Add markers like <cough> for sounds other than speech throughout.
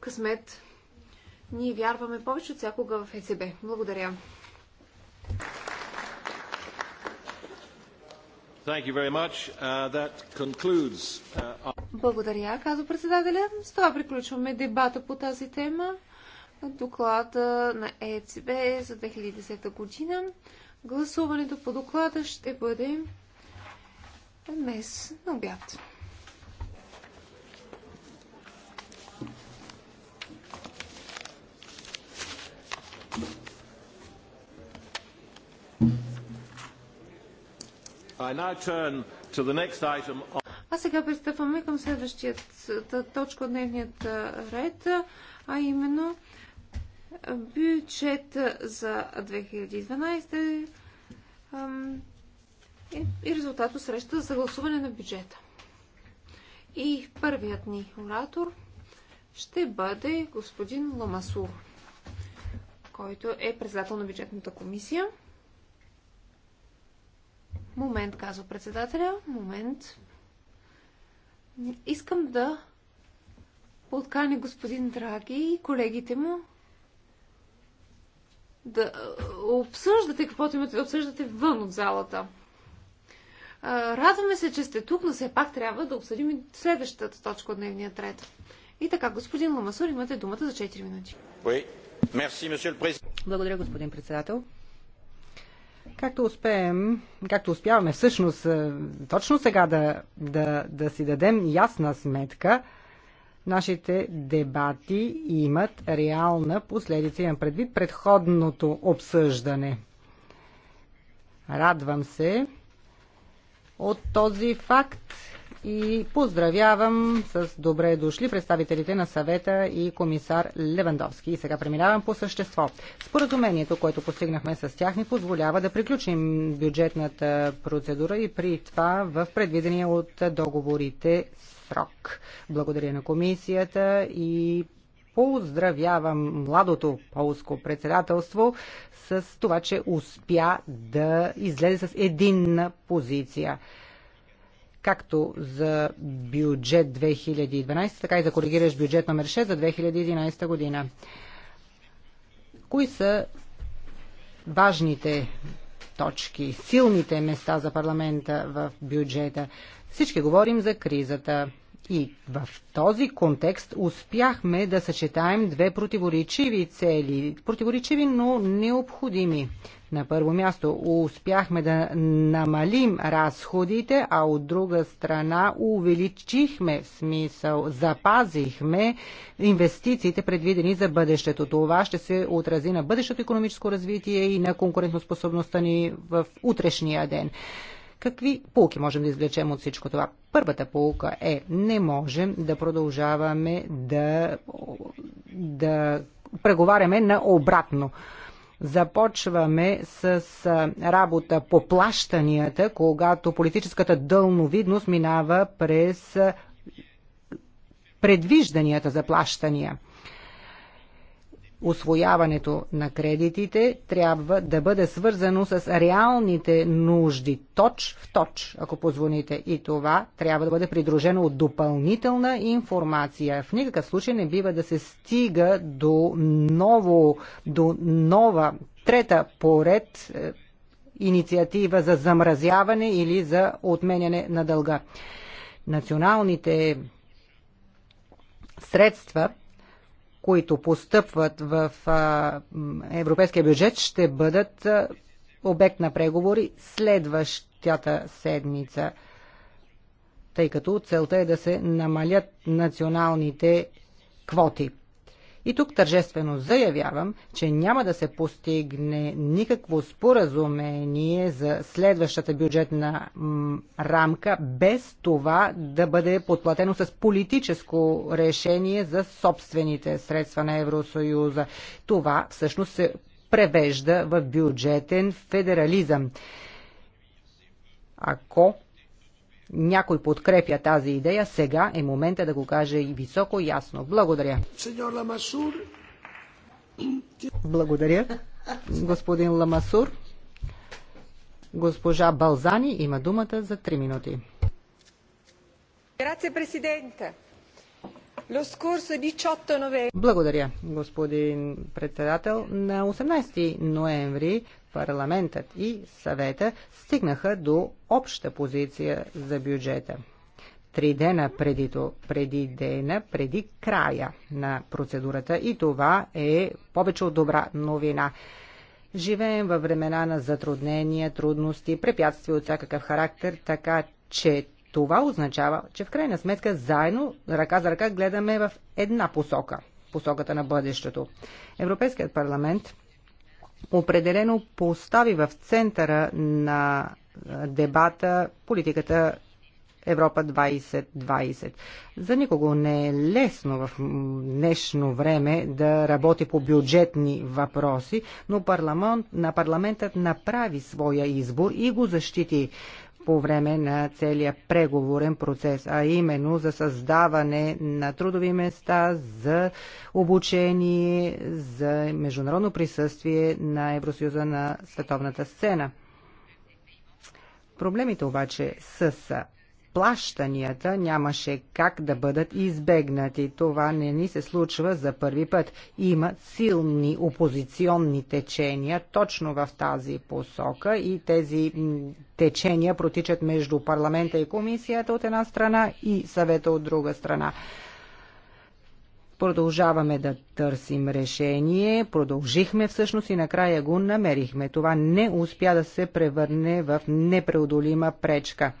късмет. Ние вярваме повече от всякога в ЕЦБ. Благодаря. Uh, concludes... Uh, Благодаря, казва председателя. С това приключваме дебата по тази тема. Доклада на ЕЦБ за 2010 година. Гласуването по доклада ще бъде днес на обяд. А сега пристъпваме към следващията точка от дневният ред, а именно бюджет за 2012 и резултат от среща за гласуване на бюджета. И първият ни оратор ще бъде господин Ламасур, който е председател на бюджетната комисия. Момент, казва председателя. Момент. Искам да подкани господин Драги и колегите му да обсъждате каквото имате да обсъждате вън от залата. Радваме се, че сте тук, но все пак трябва да обсъдим и следващата точка от дневния ред. И така, господин Ламасур, имате думата за 4 минути. Благодаря, господин председател. Както успеем, както успяваме всъщност е, точно сега да, да, да си дадем ясна сметка, нашите дебати имат реална последица. Имам предвид предходното обсъждане. Радвам се от този факт и поздравявам с добре дошли представителите на съвета и комисар Левандовски. И сега преминавам по същество. Споразумението, което постигнахме с тях, ни позволява да приключим бюджетната процедура и при това в предвидения от договорите срок. Благодаря на комисията и поздравявам младото полско председателство с това, че успя да излезе с единна позиция както за бюджет 2012, така и за коригираш бюджет номер 6 за 2011 година. Кои са важните точки, силните места за парламента в бюджета? Всички говорим за кризата. И в този контекст успяхме да съчетаем две противоречиви цели. Противоречиви, но необходими. На първо място успяхме да намалим разходите, а от друга страна увеличихме смисъл, запазихме инвестициите предвидени за бъдещето. Това ще се отрази на бъдещето економическо развитие и на конкурентоспособността ни в утрешния ден. Какви полки можем да извлечем от всичко това? Първата полка е, не можем да продължаваме да, да преговаряме на обратно. Започваме с работа по плащанията, когато политическата дълновидност минава през предвижданията за плащания освояването на кредитите трябва да бъде свързано с реалните нужди, точ в точ, ако позвоните. И това трябва да бъде придружено от допълнителна информация. В никакъв случай не бива да се стига до, ново, до нова, трета поред е, инициатива за замразяване или за отменяне на дълга. Националните средства – които постъпват в европейския бюджет, ще бъдат обект на преговори следващата седмица, тъй като целта е да се намалят националните квоти. И тук тържествено заявявам, че няма да се постигне никакво споразумение за следващата бюджетна рамка, без това да бъде подплатено с политическо решение за собствените средства на Евросоюза. Това всъщност се превежда в бюджетен федерализъм. Ако някой подкрепя тази идея, сега е момента да го каже и високо и ясно. Благодаря. Благодаря, господин Ламасур. Госпожа Балзани има думата за 3 минути. Grazie Presidente. Благодаря, господин председател. На 18 ноември парламентът и съвета стигнаха до обща позиция за бюджета. Три дена преди, то, преди дена, преди края на процедурата и това е повече от добра новина. Живеем във времена на затруднения, трудности, препятствия от всякакъв характер, така че това означава, че в крайна сметка заедно, ръка за ръка, гледаме в една посока посоката на бъдещето. Европейският парламент определено постави в центъра на дебата политиката Европа 2020. За никого не е лесно в днешно време да работи по бюджетни въпроси, но парламент, на парламентът направи своя избор и го защити по време на целия преговорен процес, а именно за създаване на трудови места, за обучение, за международно присъствие на Евросъюза на световната сцена. Проблемите обаче с плащанията нямаше как да бъдат избегнати. Това не ни се случва за първи път. Има силни опозиционни течения точно в тази посока и тези течения протичат между парламента и комисията от една страна и съвета от друга страна. Продължаваме да търсим решение, продължихме всъщност и накрая го намерихме. Това не успя да се превърне в непреодолима пречка.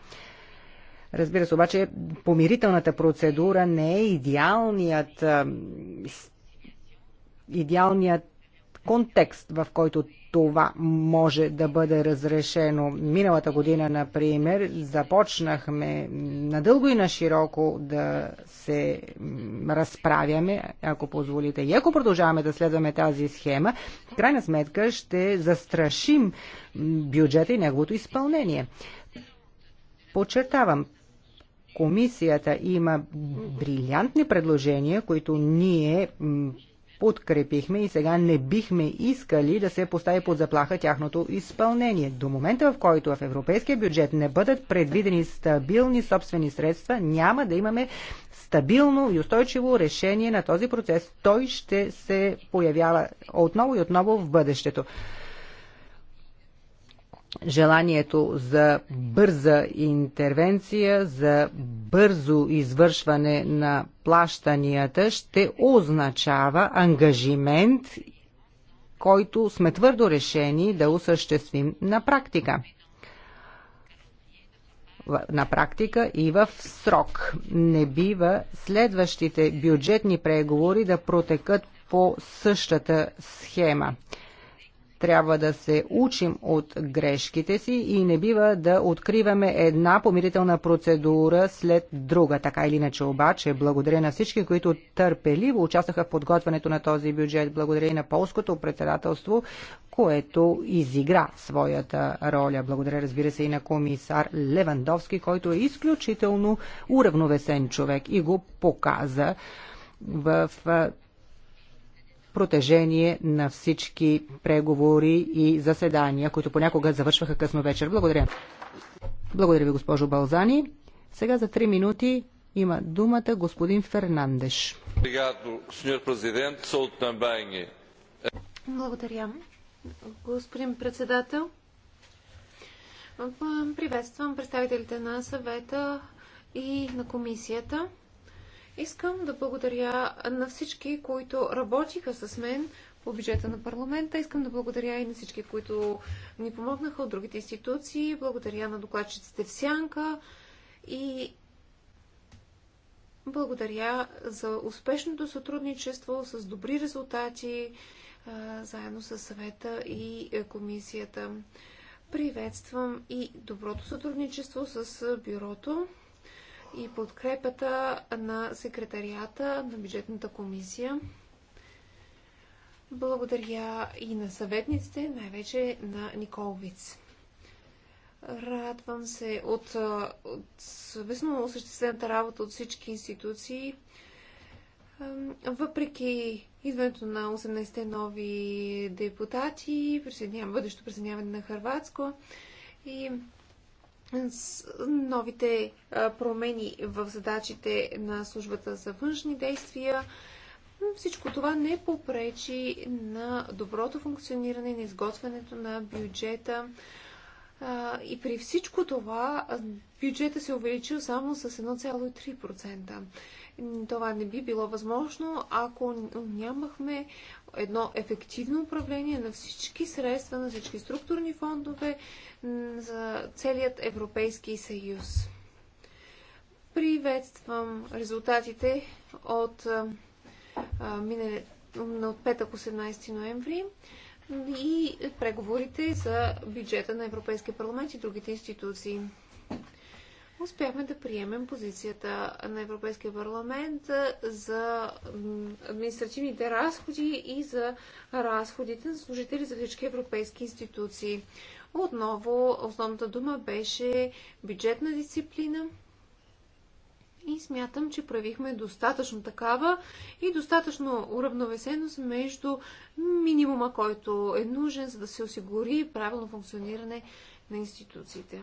Разбира се, обаче помирителната процедура не е идеалният, идеалният контекст, в който това може да бъде разрешено. Миналата година, например, започнахме надълго и на широко да се разправяме, ако позволите. И ако продължаваме да следваме тази схема, в крайна сметка ще застрашим бюджета и неговото изпълнение. Подчертавам, комисията има брилянтни предложения, които ние подкрепихме и сега не бихме искали да се постави под заплаха тяхното изпълнение. До момента, в който в европейския бюджет не бъдат предвидени стабилни собствени средства, няма да имаме стабилно и устойчиво решение на този процес. Той ще се появява отново и отново в бъдещето желанието за бърза интервенция, за бързо извършване на плащанията ще означава ангажимент, който сме твърдо решени да осъществим на практика на практика и в срок. Не бива следващите бюджетни преговори да протекат по същата схема. Трябва да се учим от грешките си и не бива да откриваме една помирителна процедура след друга. Така или иначе обаче, благодаря на всички, които търпеливо участваха в подготвянето на този бюджет. Благодаря и на полското председателство, което изигра своята роля. Благодаря, разбира се, и на комисар Левандовски, който е изключително уравновесен човек и го показа в протежение на всички преговори и заседания, които понякога завършваха късно вечер. Благодаря. Благодаря ви, госпожо Балзани. Сега за три минути има думата господин Фернандеш. Благодаря. Господин председател, приветствам представителите на съвета и на комисията. Искам да благодаря на всички, които работиха с мен по бюджета на парламента. Искам да благодаря и на всички, които ни помогнаха от другите институции. Благодаря на докладчиците в Сянка и благодаря за успешното сътрудничество с добри резултати заедно с съвета и е, комисията. Приветствам и доброто сътрудничество с е, бюрото и подкрепата на секретарията на бюджетната комисия. Благодаря и на съветниците, най-вече на Николвиц. Радвам се от, от съвестно осъществената работа от всички институции. Въпреки идването на 18-те нови депутати, бъдещо присъединяване на Харватско и с новите промени в задачите на службата за външни действия. Всичко това не попречи на доброто функциониране на изготвянето на бюджета. И при всичко това бюджета се е увеличил само с 1,3%. Това не би било възможно, ако нямахме едно ефективно управление на всички средства, на всички структурни фондове за целият Европейски съюз. Приветствам резултатите от, минале, от петък 18 ноември и преговорите за бюджета на Европейския парламент и другите институции успяхме да приемем позицията на Европейския парламент за административните разходи и за разходите на служители за всички европейски институции. Отново основната дума беше бюджетна дисциплина и смятам, че правихме достатъчно такава и достатъчно уравновесеност между минимума, който е нужен, за да се осигури правилно функциониране на институциите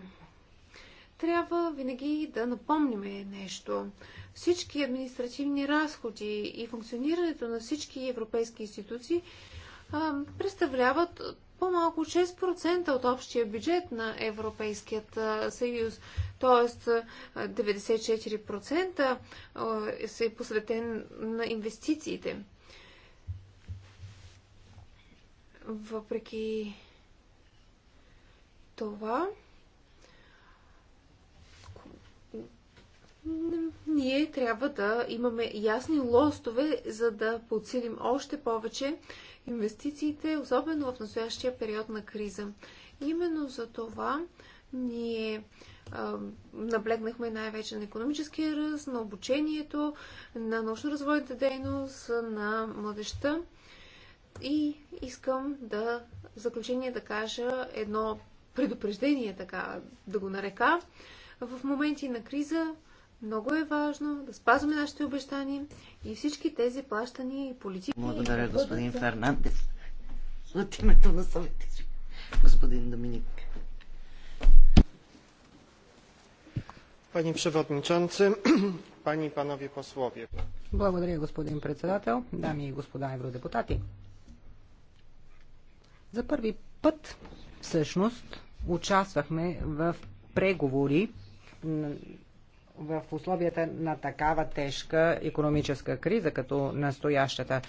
трябва винаги да напомняме нещо. Всички административни разходи и функционирането на всички европейски институции а, представляват по-малко 6% от общия бюджет на Европейският съюз. Тоест 94% се е посветен на инвестициите. Въпреки това, ние трябва да имаме ясни лостове, за да подсилим още повече инвестициите, особено в настоящия период на криза. Именно за това ние а, наблегнахме най-вече на економическия ръст, на обучението, на научно-развойната дейност, на младеща. И искам да в заключение да кажа едно предупреждение, така да го нарека. В моменти на криза много е важно да спазваме нашите обещания и всички тези плащания и политики. Благодаря, господин Фернандес. От името на съвети господин Доминик. Пани Przewodniczący, пани и панови послови. Благодаря, господин председател, дами и господа евродепутати. За първи път, всъщност, участвахме в преговори в условията на такава тежка економическа криза, като настоящата.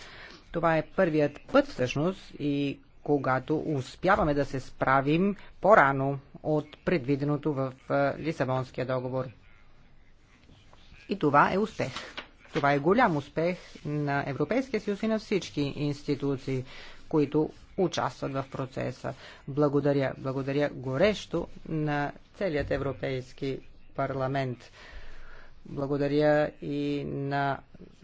Това е първият път всъщност и когато успяваме да се справим по-рано от предвиденото в Лисабонския договор. И това е успех. Това е голям успех на Европейския съюз и на всички институции, които участват в процеса. Благодаря, благодаря горещо на целият Европейски парламент. Благодаря и на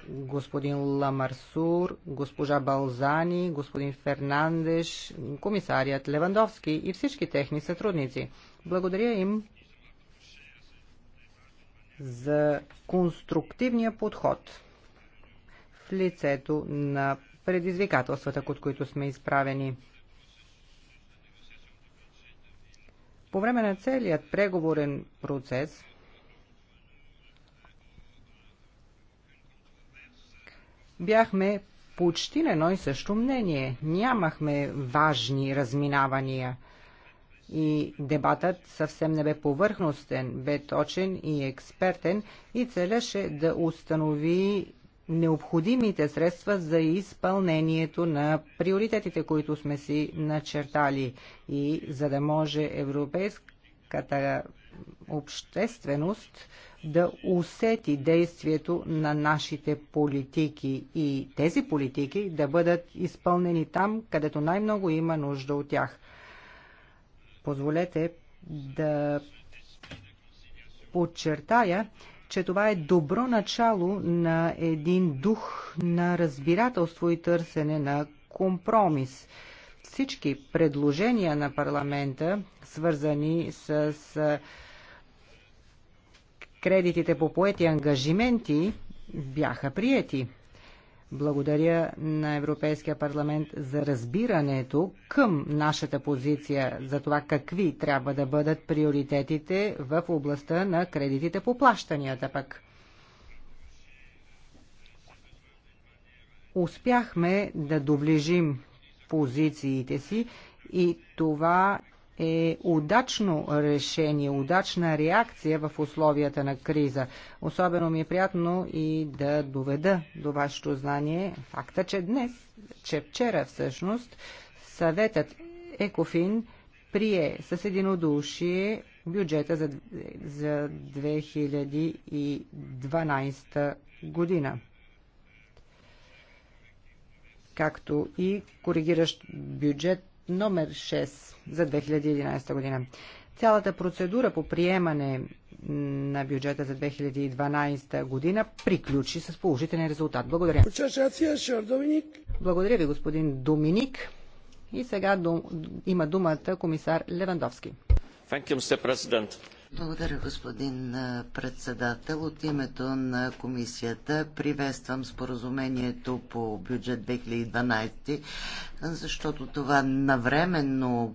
господин Ламарсур, госпожа Балзани, господин Фернандеш, комисарият Левандовски и всички техни сътрудници. Благодаря им за конструктивния подход в лицето на предизвикателствата, от които сме изправени. По време на целият преговорен процес – бяхме почти на едно и също мнение. Нямахме важни разминавания. И дебатът съвсем не бе повърхностен, бе точен и експертен и целеше да установи необходимите средства за изпълнението на приоритетите, които сме си начертали и за да може европейската общественост да усети действието на нашите политики и тези политики да бъдат изпълнени там, където най-много има нужда от тях. Позволете да подчертая, че това е добро начало на един дух на разбирателство и търсене на компромис. Всички предложения на парламента, свързани с Кредитите по поети ангажименти бяха приети. Благодаря на Европейския парламент за разбирането към нашата позиция за това какви трябва да бъдат приоритетите в областта на кредитите по плащанията пък. Успяхме да доближим позициите си и това е удачно решение, удачна реакция в условията на криза. Особено ми е приятно и да доведа до вашето знание факта, че днес, че вчера всъщност, съветът Екофин прие с единодушие бюджета за, за 2012 година както и коригиращ бюджет номер 6 за 2011 година. Цялата процедура по приемане на бюджета за 2012 година приключи с положителен резултат. Благодаря. Благодаря ви, господин Доминик. И сега дум... има думата комисар Левандовски. Thank you, благодаря, господин председател. От името на комисията приветствам споразумението по бюджет 2012, защото това навременно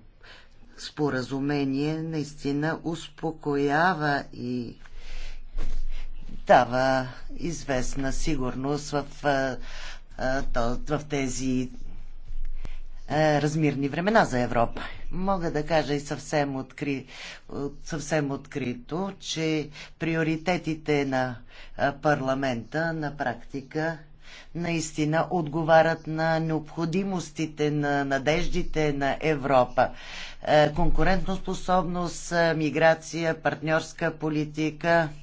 споразумение наистина успокоява и дава известна сигурност в, в тези размирни времена за Европа. Мога да кажа и съвсем, откри, съвсем открито, че приоритетите на парламента на практика наистина отговарят на необходимостите, на надеждите на Европа. Е, конкурентоспособност, е, миграция, партньорска политика –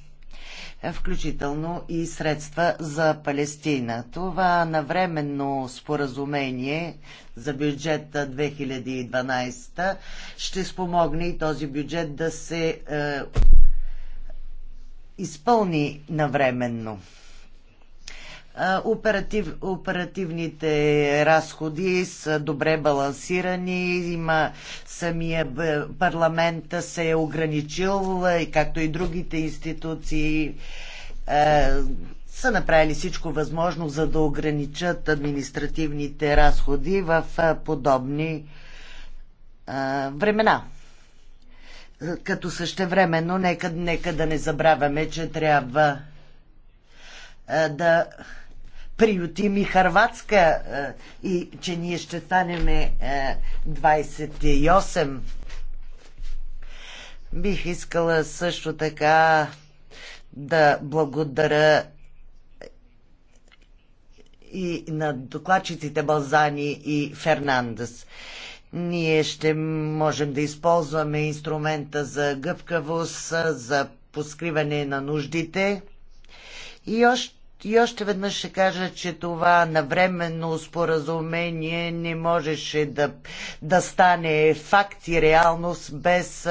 включително и средства за Палестина. Това навременно споразумение за бюджета 2012 ще спомогне и този бюджет да се е, изпълни навременно. Оператив, оперативните разходи са добре балансирани, има самия парламент се е ограничил, както и другите институции са направили всичко възможно, за да ограничат административните разходи в подобни времена като същевременно нека, нека да не забравяме, че трябва да приютим и Харватска е, и че ние ще станем 28. Е, Бих искала също така да благодаря и на докладчиците Балзани и Фернандес. Ние ще можем да използваме инструмента за гъвкавост, за поскриване на нуждите и още и още веднъж ще кажа, че това навременно споразумение не можеше да, да стане факт и реалност без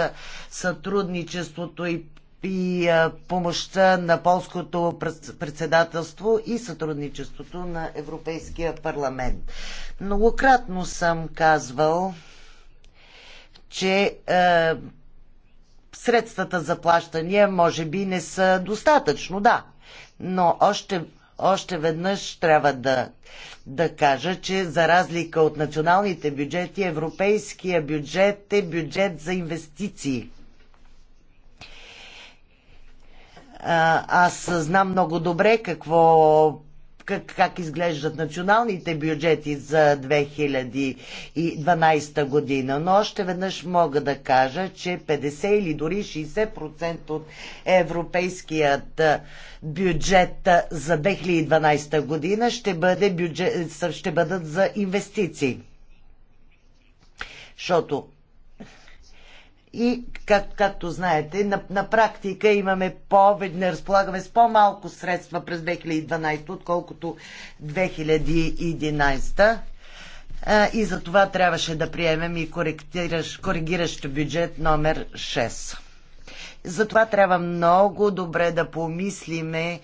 сътрудничеството и, и помощта на полското председателство и сътрудничеството на Европейския парламент. Многократно съм казвал, че а, средствата за плащания може би не са достатъчно. Да, но още, още веднъж трябва да, да кажа, че за разлика от националните бюджети, европейския бюджет е бюджет за инвестиции. Аз знам много добре какво как, как изглеждат националните бюджети за 2012 година. Но още веднъж мога да кажа, че 50 или дори 60% от европейският бюджет за 2012 година ще, бъде бюджет, ще бъдат за инвестиции. Защото и, как, както знаете, на, на практика имаме по, не разполагаме с по-малко средства през 2012, отколкото 2011. А, и за това трябваше да приемем и коригиращ, бюджет номер 6. Затова трябва много добре да помислиме,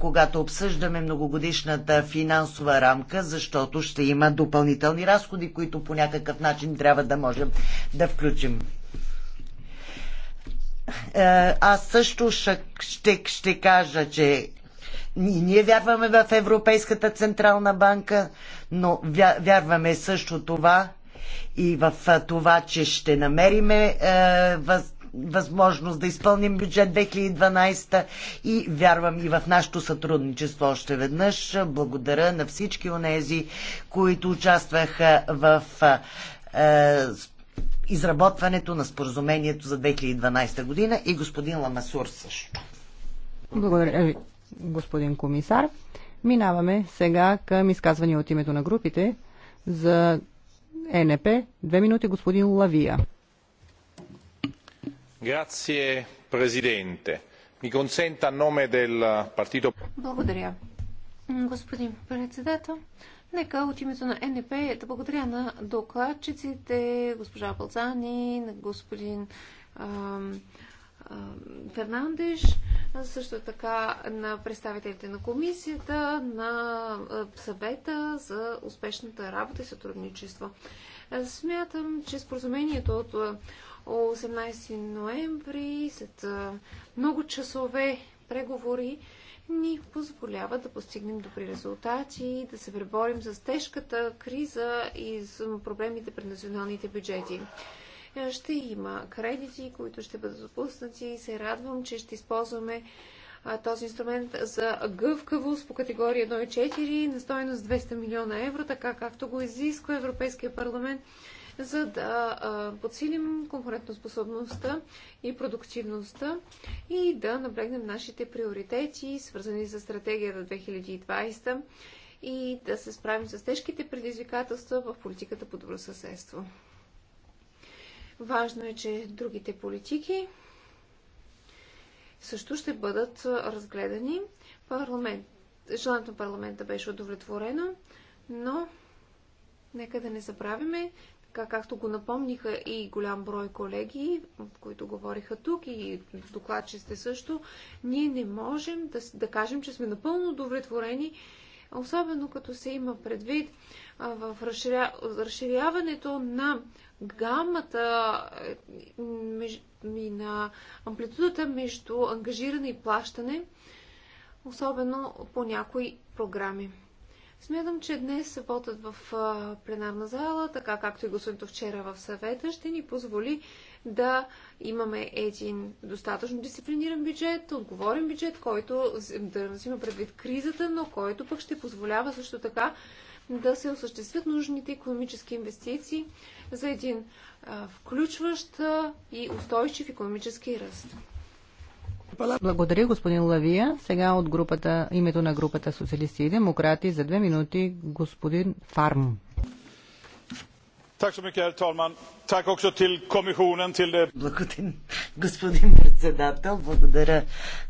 когато обсъждаме многогодишната финансова рамка, защото ще има допълнителни разходи, които по някакъв начин трябва да можем да включим. Е, аз също ще, ще, кажа, че ние вярваме в Европейската Централна банка, но вярваме също това и в това, че ще намериме е, възможност да изпълним бюджет 2012 и вярвам и в нашето сътрудничество още веднъж. Благодаря на всички онези, които участваха в е, изработването на споразумението за 2012 година и господин Ламасур също. Благодаря ви, е, господин комисар. Минаваме сега към изказвания от името на групите за ЕНП. Две минути господин Лавия. Грация, президенте. Ми консента номе дел партито... Благодаря, господин председател. Нека от името на НП да благодаря на докладчиците, госпожа Балзани, на господин ам, ам, Фернандеш, също така на представителите на комисията, на съвета за успешната работа и сътрудничество. Смятам, че споразумението от 18 ноември след много часове преговори ни позволява да постигнем добри резултати, да се преборим с тежката криза и с проблемите пред националните бюджети. Е, ще има кредити, които ще бъдат отпуснати и се радвам, че ще използваме този инструмент за гъвкавост по категория 1 и 4 на стоеност 200 милиона евро, така както го изисква Европейския парламент, за да подсилим конкурентоспособността и продуктивността и да наблегнем нашите приоритети, свързани с стратегията 2020 и да се справим с тежките предизвикателства в политиката по добро съседство. Важно е, че другите политики също ще бъдат разгледани. Парламент, желанието на парламента беше удовлетворено, но нека да не забравяме, така както го напомниха и голям брой колеги, които говориха тук и докладчиците също, ние не можем да, да кажем, че сме напълно удовлетворени, особено като се има предвид а, в разширя... разширяването на гамата е, ми на амплитудата между ангажиране и плащане, особено по някои програми. Смятам, че днес съботът в пленарна зала, така както и гласуването вчера в съвета, ще ни позволи да имаме един достатъчно дисциплиниран бюджет, отговорен бюджет, който да взима предвид кризата, но който пък ще позволява също така да се осъществят нужните економически инвестиции, за един включващ и устойчив економически ръст. Благодаря, господин Лавия. Сега от групата, името на групата Социалисти и Демократи за две минути господин Фарм. Благодаря, господин председател. Благодаря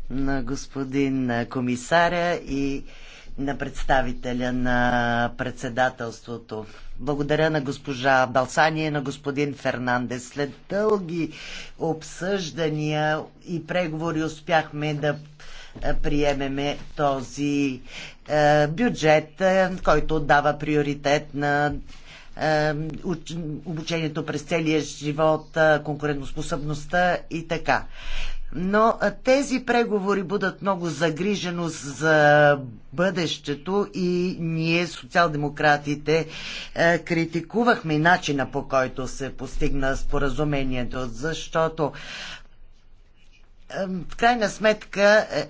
на господин комисаря и на представителя на председателството. Благодаря на госпожа Балсания и на господин Фернандес. След дълги обсъждания и преговори успяхме да е, приемеме този е, бюджет, е, който дава приоритет на обучението през целия живот, конкурентоспособността и така но тези преговори будат много загриженост за бъдещето и ние, социал-демократите, е, критикувахме начина по който се постигна споразумението, защото е, в крайна сметка е,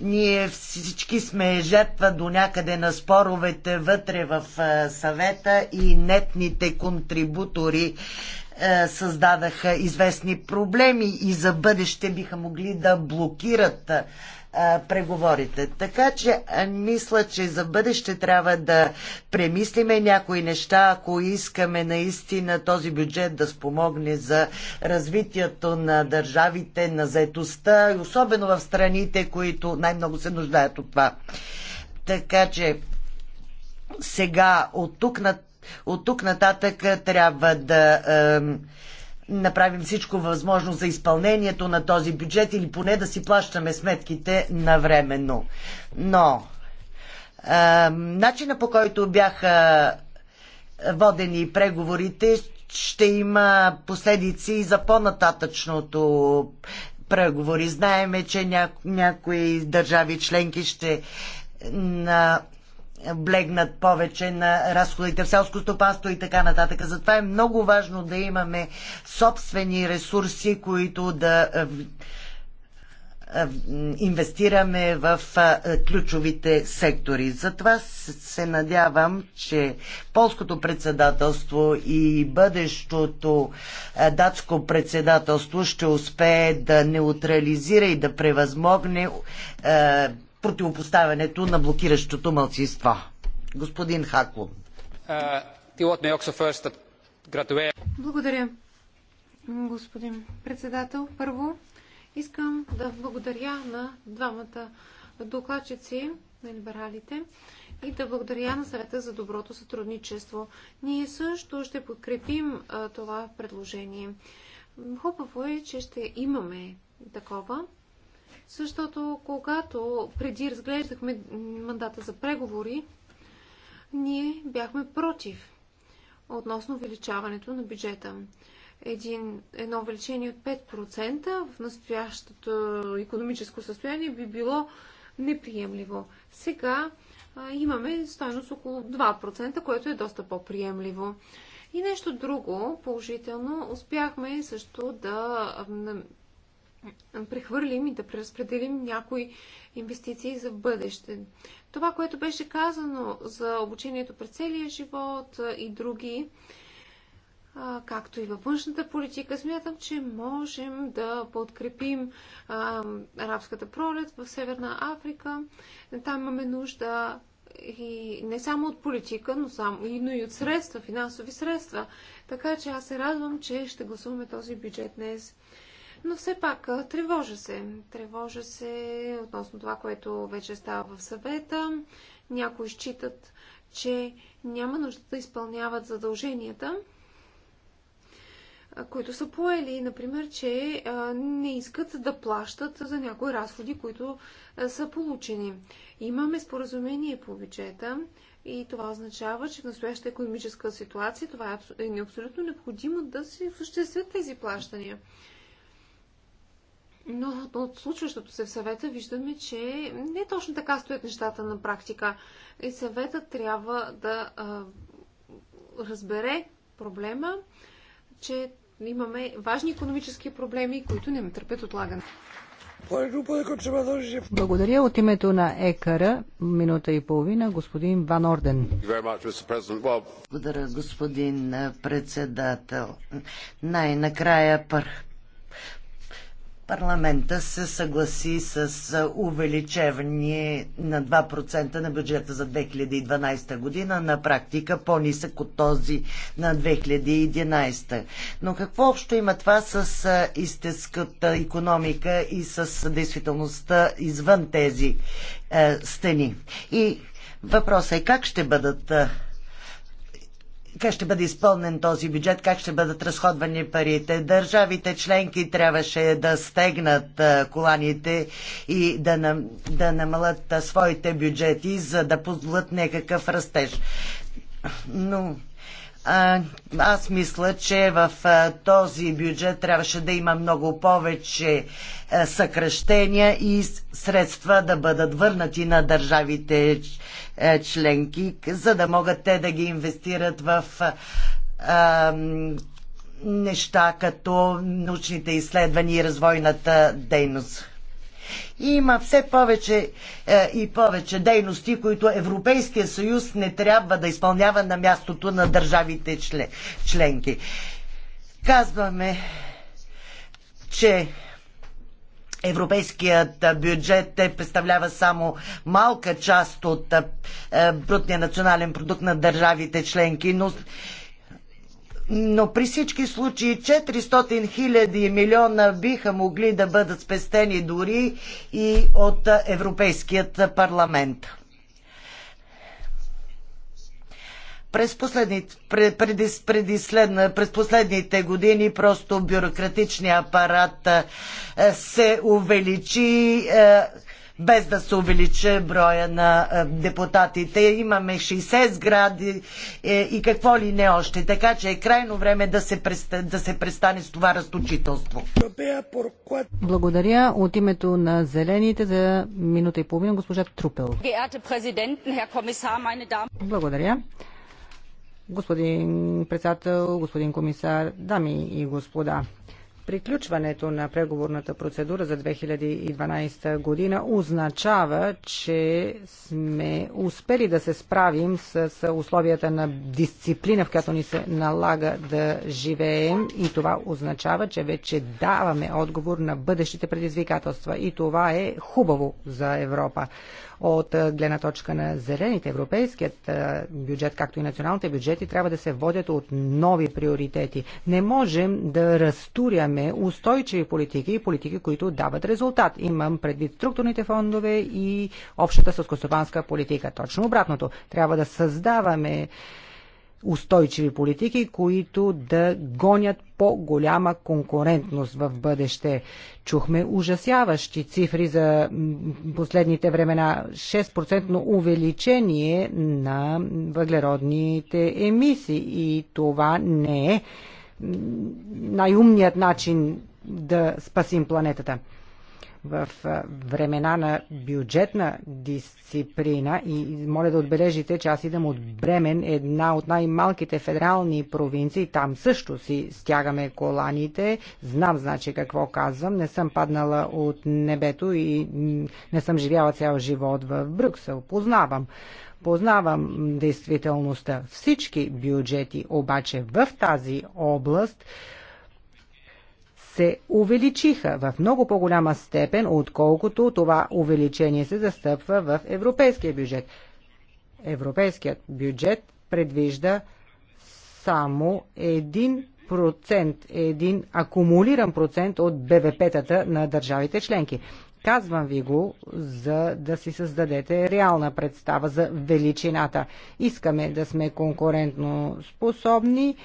ние всички сме жертва до някъде на споровете вътре в съвета и нетните контрибутори е, създадаха известни проблеми и за бъдеще биха могли да блокират е, преговорите. Така че е, мисля, че за бъдеще трябва да премислиме някои неща, ако искаме наистина този бюджет да спомогне за развитието на държавите, на заетостта, особено в страните, които най-много се нуждаят от това. Така че сега от тук на от тук нататък е, трябва да е, направим всичко възможно за изпълнението на този бюджет или поне да си плащаме сметките навременно. Но е, начина по който бяха е, водени преговорите ще има последици и за по-нататъчното преговори. Знаеме, че някои държави членки ще на блегнат повече на разходите в селско стопанство и така нататък. Затова е много важно да имаме собствени ресурси, които да е, е, инвестираме в е, ключовите сектори. Затова се надявам, че полското председателство и бъдещото датско председателство ще успее да неутрализира и да превъзмогне противопоставянето на блокиращото мълцинство. Господин Хакло. Uh, благодаря, господин председател. Първо, искам да благодаря на двамата докладчици на либералите и да благодаря на съвета за доброто сътрудничество. Ние също ще подкрепим а, това предложение. Хубаво е, че ще имаме такова, защото когато преди разглеждахме мандата за преговори, ние бяхме против относно увеличаването на бюджета. Един, едно увеличение от 5% в настоящото економическо състояние би било неприемливо. Сега а, имаме стойност около 2%, което е доста по-приемливо. И нещо друго положително, успяхме също да прехвърлим и да преразпределим някои инвестиции за бъдеще. Това, което беше казано за обучението през целия живот и други, както и във външната политика, смятам, че можем да подкрепим арабската пролет в Северна Африка. Там имаме нужда и не само от политика, но, само, но и от средства, финансови средства. Така че аз се радвам, че ще гласуваме този бюджет днес. Но все пак, тревожа се. Тревожа се относно това, което вече става в съвета. Някои считат, че няма нужда да изпълняват задълженията, които са поели. Например, че не искат да плащат за някои разходи, които са получени. Имаме споразумение по бюджета и това означава, че в настоящата економическа ситуация това е, е абсолютно необходимо да се осъществят тези плащания. Но от случващото се в съвета виждаме, че не точно така стоят нещата на практика. И съвета трябва да а, разбере проблема, че имаме важни економически проблеми, които не ме търпят отлагане. Благодаря от името на ЕКР. Минута и половина, господин Ван Орден. Благодаря, господин председател. Най-накрая пър парламента се съгласи с увеличение на 2% на бюджета за 2012 година, на практика по-нисък от този на 2011. Но какво общо има това с истинската економика и с действителността извън тези е, стени? И въпросът е как ще бъдат как ще бъде изпълнен този бюджет, как ще бъдат разходвани парите. Държавите членки трябваше да стегнат коланите и да, нам, да намалят своите бюджети, за да позволят някакъв растеж. Но аз мисля, че в този бюджет трябваше да има много повече съкръщения и средства да бъдат върнати на държавите членки, за да могат те да ги инвестират в неща като научните изследвания и развойната дейност. Има все повече е, и повече дейности, които Европейския съюз не трябва да изпълнява на мястото на държавите членки. Казваме, че Европейският бюджет е, представлява само малка част от е, брутния национален продукт на държавите членки, но но при всички случаи 400 хиляди милиона биха могли да бъдат спестени дори и от Европейският парламент. През последните, пред, пред, през последните години просто бюрократичният апарат е, се увеличи. Е, без да се увеличи броя на е, депутатите. Имаме 60 сгради е, и какво ли не още. Така че е крайно време да се, преста, да се престане с това разточителство. Благодаря от името на Зелените за минута и половина госпожа Трупел. Благодаря. Господин председател, господин комисар, дами и господа. Приключването на преговорната процедура за 2012 година означава, че сме успели да се справим с условията на дисциплина, в която ни се налага да живеем и това означава, че вече даваме отговор на бъдещите предизвикателства и това е хубаво за Европа. От гледна точка на зелените, европейският бюджет, както и националните бюджети, трябва да се водят от нови приоритети. Не можем да разтуряме имаме устойчиви политики и политики, които дават резултат. Имам предвид структурните фондове и общата съскостопанска политика. Точно обратното. Трябва да създаваме устойчиви политики, които да гонят по-голяма конкурентност в бъдеще. Чухме ужасяващи цифри за последните времена. 6% увеличение на въглеродните емисии и това не е най-умният начин да спасим планетата. В времена на бюджетна дисциплина и моля да отбележите, че аз идам от Бремен, една от най-малките федерални провинции. Там също си стягаме коланите. Знам, значи, какво казвам. Не съм паднала от небето и не съм живяла цял живот в Брюксел. Познавам Познавам действителността. Всички бюджети обаче в тази област се увеличиха в много по-голяма степен, отколкото това увеличение се застъпва в европейския бюджет. Европейският бюджет предвижда само 1%, един акумулиран процент от БВП-тата на държавите членки. Казвам ви го, за да си създадете реална представа за величината. Искаме да сме конкурентно способни,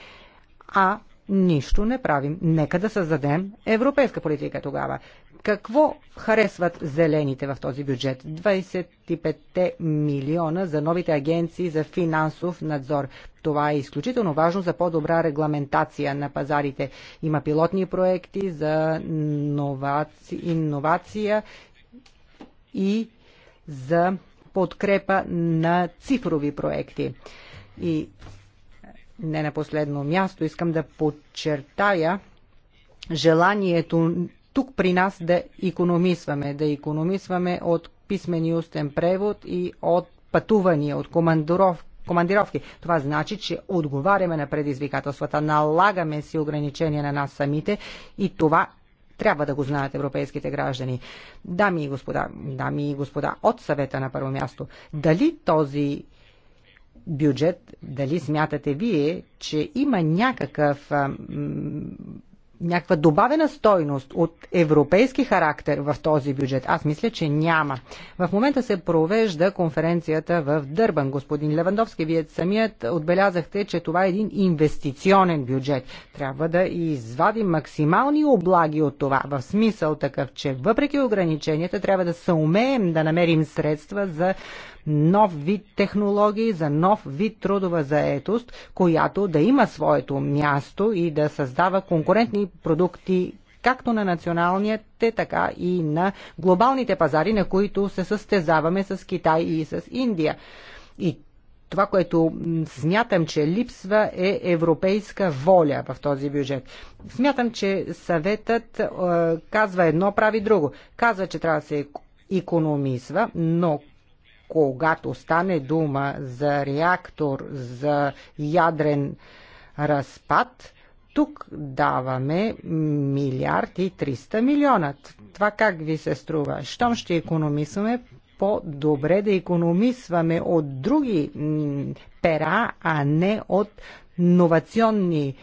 а нищо не правим. Нека да създадем европейска политика тогава. Какво харесват зелените в този бюджет? 25 милиона за новите агенции за финансов надзор. Това е изключително важно за по-добра регламентация на пазарите. Има пилотни проекти за иновация и за подкрепа на цифрови проекти. И не на последно място искам да подчертая желанието тук при нас да економисваме, да економисваме от писмен и устен превод и от пътувания, от командировки командировки. Това значи, че отговаряме на предизвикателствата, налагаме си ограничения на нас самите и това трябва да го знаят европейските граждани. Дами и господа, дами и господа, от съвета на първо място, дали този бюджет, дали смятате вие, че има някакъв някаква добавена стойност от европейски характер в този бюджет? Аз мисля, че няма. В момента се провежда конференцията в Дърбан. Господин Левандовски, вие самият отбелязахте, че това е един инвестиционен бюджет. Трябва да извадим максимални облаги от това, в смисъл такъв, че въпреки ограниченията трябва да съумеем да намерим средства за нов вид технологии, за нов вид трудова заетост, която да има своето място и да създава конкурентни продукти както на националните, така и на глобалните пазари, на които се състезаваме с Китай и с Индия. И това, което смятам, че липсва е европейска воля в този бюджет. Смятам, че съветът е, казва едно, прави друго. Казва, че трябва да се економисва, но когато стане дума за реактор за ядрен разпад, тук даваме милиард и 300 милиона. Това как ви се струва? Щом ще економисваме, по-добре да економисваме от други пера, а не от новационни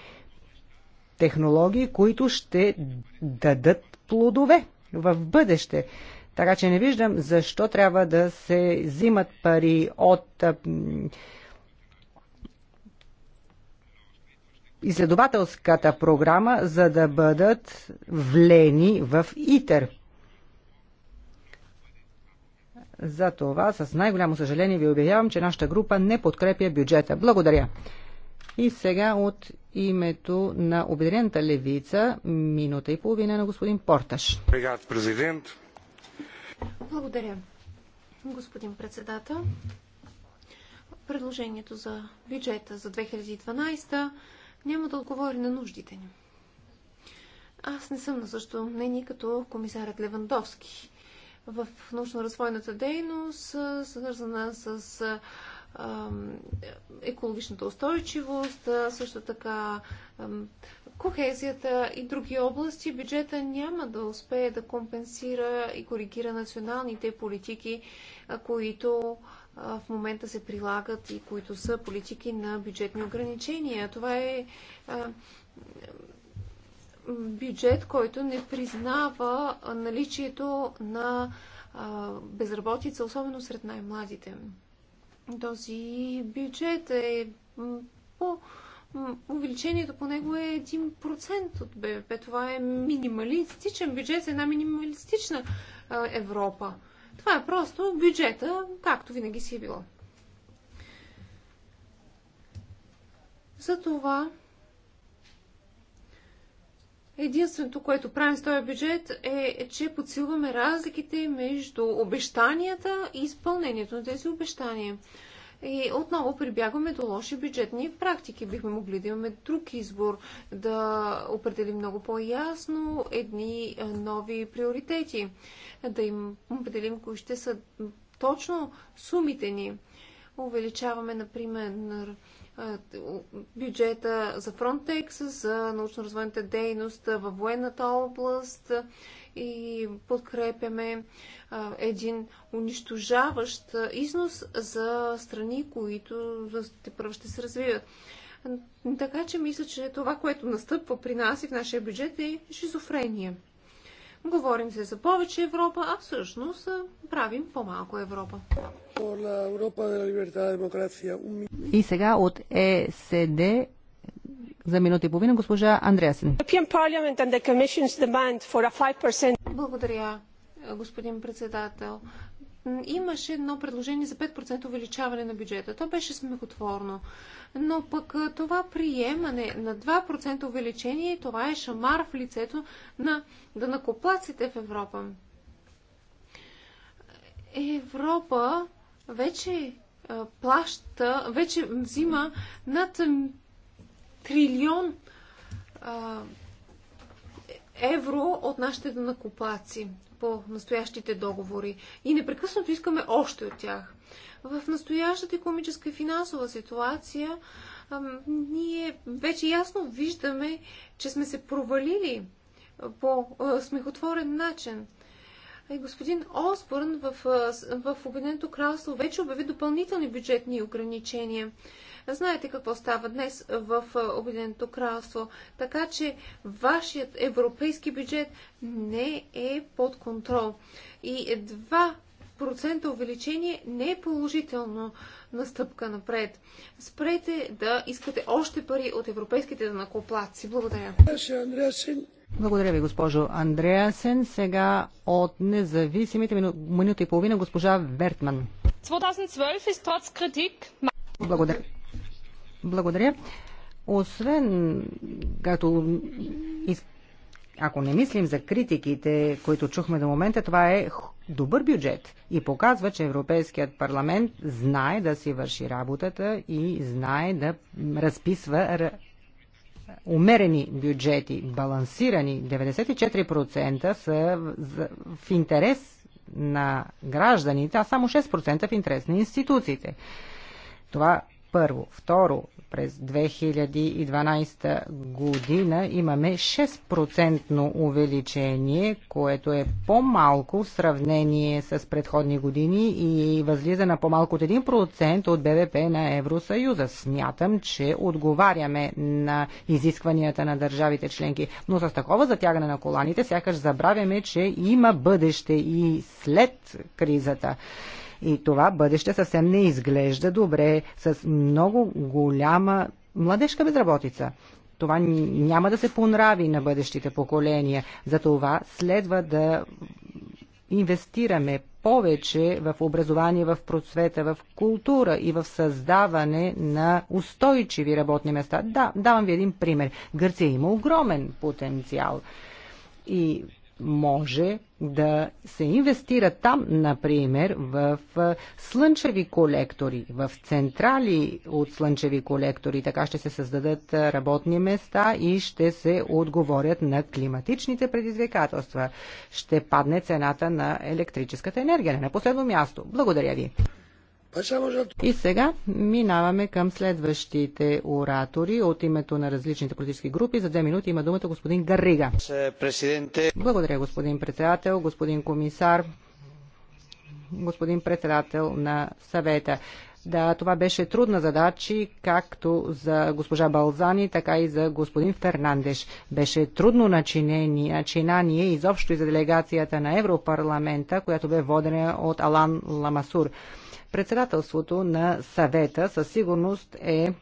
технологии, които ще дадат плодове в бъдеще. Така че не виждам защо трябва да се взимат пари от изследователската програма, за да бъдат влени в ИТЕР. За това с най-голямо съжаление ви обявявам, че нашата група не подкрепя бюджета. Благодаря. И сега от името на Обединената левица, минута и половина на господин Порташ. Бригад президент. Благодаря, господин председател. Предложението за бюджета за 2012 няма да отговори на нуждите ни. Аз не съм на същото мнение като комисарят Левандовски. В научно-развойната дейност, свързана с екологичната устойчивост, също така кохезията и други области, бюджета няма да успее да компенсира и коригира националните политики, които в момента се прилагат и които са политики на бюджетни ограничения. Това е бюджет, който не признава наличието на безработица, особено сред най-младите. Този бюджет е по- увеличението по него е 1% от БВП. Това е минималистичен бюджет за една минималистична Европа. Това е просто бюджета, както винаги си е било. Затова единственото, което правим с този бюджет е, че подсилваме разликите между обещанията и изпълнението на тези обещания. И отново прибягваме до лоши бюджетни практики. Бихме могли да имаме друг избор, да определим много по-ясно едни нови приоритети, да им определим кои ще са точно сумите ни. Увеличаваме, например, бюджета за Frontex, за научно-развойната дейност във военната област и подкрепяме един унищожаващ износ за страни, които те първо ще се развиват. Така че мисля, че това, което настъпва при нас и в нашия бюджет е шизофрения. Говорим се за повече Европа, а всъщност правим по-малко Европа. И сега от ЕСД за минута и половина госпожа Андреасен. Благодаря, господин председател. Имаше едно предложение за 5% увеличаване на бюджета. То беше смехотворно. Но пък това приемане на 2% увеличение, това е шамар в лицето на данакоплаците в Европа. Европа вече плаща, вече взима над трилион евро от нашите накопаци по настоящите договори и непрекъснато искаме още от тях. В настоящата економическа и финансова ситуация а, ние вече ясно виждаме, че сме се провалили по а, смехотворен начин. И е, господин Осборн в, в Обединеното кралство вече обяви допълнителни бюджетни ограничения. Знаете какво става днес в Обединеното кралство. Така че вашият европейски бюджет не е под контрол. И едва процента увеличение не е положително на стъпка напред. Спрете да искате още пари от европейските данакоплаци. Благодаря. Благодаря ви, госпожо Андреасен. Сега от независимите минути минута и половина госпожа Вертман. 2012 е критик... Благодаря. Благодаря. Освен, като ако не мислим за критиките, които чухме до момента, това е добър бюджет и показва, че Европейският парламент знае да си върши работата и знае да разписва умерени бюджети, балансирани, 94% са в интерес на гражданите, а само 6% в интерес на институциите. Това първо. Второ, през 2012 година имаме 6% увеличение, което е по-малко в сравнение с предходни години и възлиза на по-малко от 1% от БВП на Евросъюза. Смятам, че отговаряме на изискванията на държавите членки. Но с такова затягане на коланите, сякаш забравяме, че има бъдеще и след кризата. И това бъдеще съвсем не изглежда добре с много голяма младежка безработица. Това няма да се понрави на бъдещите поколения. Затова следва да инвестираме повече в образование, в процвета, в култура и в създаване на устойчиви работни места. Да, давам ви един пример. Гърция има огромен потенциал. И може да се инвестира там, например, в слънчеви колектори, в централи от слънчеви колектори. Така ще се създадат работни места и ще се отговорят на климатичните предизвикателства. Ще падне цената на електрическата енергия. Не на последно място. Благодаря ви. И сега минаваме към следващите оратори от името на различните политически групи. За две минути има думата господин Гарига. Благодаря, господин председател, господин комисар, господин председател на съвета. Да, това беше трудна задача, както за госпожа Балзани, така и за господин Фернандеш. Беше трудно начинение, начинание изобщо и за делегацията на Европарламента, която бе водена от Алан Ламасур. Председателството на съвета със сигурност е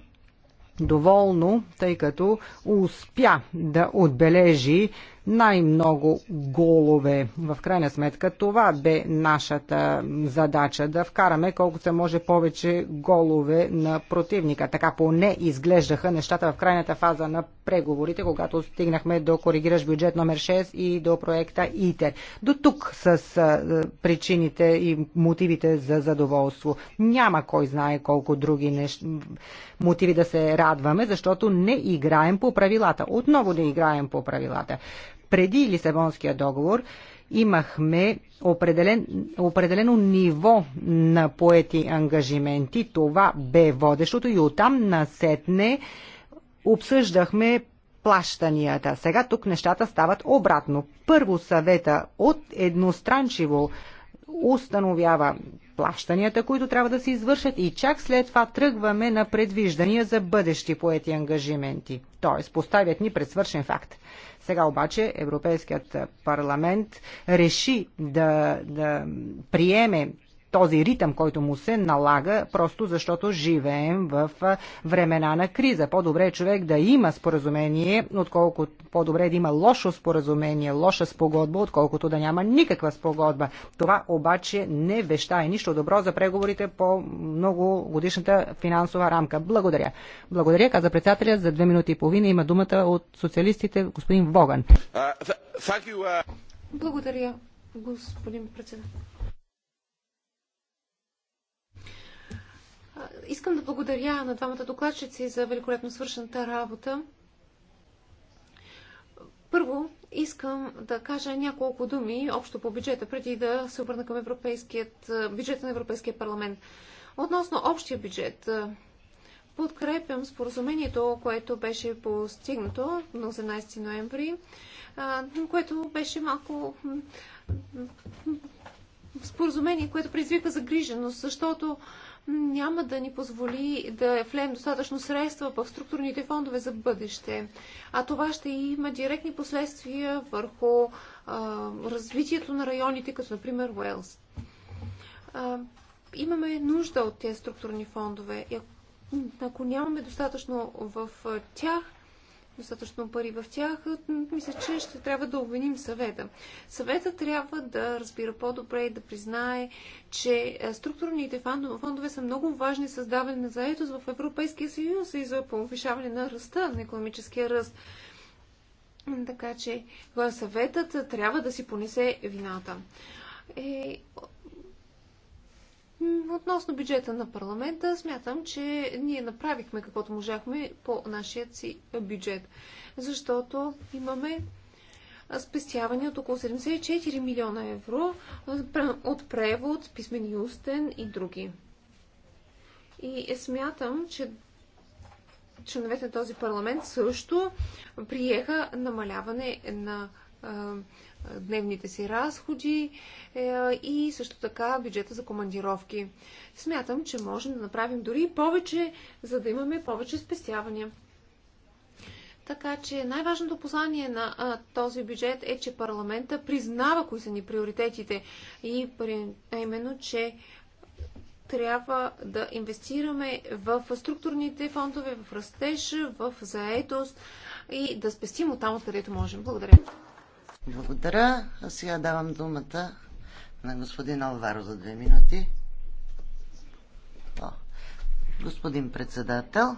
доволно, тъй като успя да отбележи най-много голове. В крайна сметка това бе нашата задача да вкараме колкото се може повече голове на противника. Така поне изглеждаха нещата в крайната фаза на преговорите, когато стигнахме до коригираш бюджет номер 6 и до проекта ИТЕР. До тук с причините и мотивите за задоволство. Няма кой знае колко други нещ... мотиви да се радваме, защото не играем по правилата. Отново не играем по правилата преди Лисабонския договор имахме определен, определено ниво на поети ангажименти. Това бе водещото и оттам насетне обсъждахме плащанията. Сега тук нещата стават обратно. Първо съвета от едностранчиво установява плащанията, които трябва да се извършат и чак след това тръгваме на предвиждания за бъдещи поети ангажименти. Т.е. поставят ни пред свършен факт. Сега обаче Европейският парламент реши да, да приеме този ритъм, който му се налага, просто защото живеем в времена на криза. По-добре е човек да има споразумение, отколкото по-добре е да има лошо споразумение, лоша спогодба, отколкото да няма никаква спогодба. Това обаче не веща и нищо добро за преговорите по много годишната финансова рамка. Благодаря. Благодаря, каза председателя, за две минути и половина има думата от социалистите господин Воган. Uh, uh. Благодаря, господин председател. Искам да благодаря на двамата докладчици за великолепно свършената работа. Първо, искам да кажа няколко думи общо по бюджета, преди да се обърна към европейският, бюджета на Европейския парламент. Относно общия бюджет, подкрепям споразумението, което беше постигнато на 18 ноември, което беше малко споразумение, което предизвика загриженост, защото няма да ни позволи да влеем достатъчно средства в структурните фондове за бъдеще. А това ще има директни последствия върху а, развитието на районите, като например Уелс. А, имаме нужда от тези структурни фондове. И ако нямаме достатъчно в тях, достатъчно пари в тях, мисля, че ще трябва да обвиним съвета. Съвета трябва да разбира по-добре и да признае, че е, структурните фондове са много важни създаване на заетост в Европейския съюз и за повишаване на ръста, на економическия ръст. Така че е, съветът трябва да си понесе вината. Е, Относно бюджета на парламента, смятам, че ние направихме каквото можахме по нашия си бюджет, защото имаме спестяване от около 74 милиона евро от превод, писмен и устен и други. И смятам, че членовете на този парламент също приеха намаляване на дневните си разходи е, и също така бюджета за командировки. Смятам, че можем да направим дори повече, за да имаме повече спестявания. Така че най-важното послание на а, този бюджет е, че парламента признава кои са ни приоритетите и при, а именно, че трябва да инвестираме в структурните фондове, в растеж, в заетост и да спестим от там, откъдето можем. Благодаря. Благодаря. А сега давам думата на господин Алваро за две минути. О, господин председател,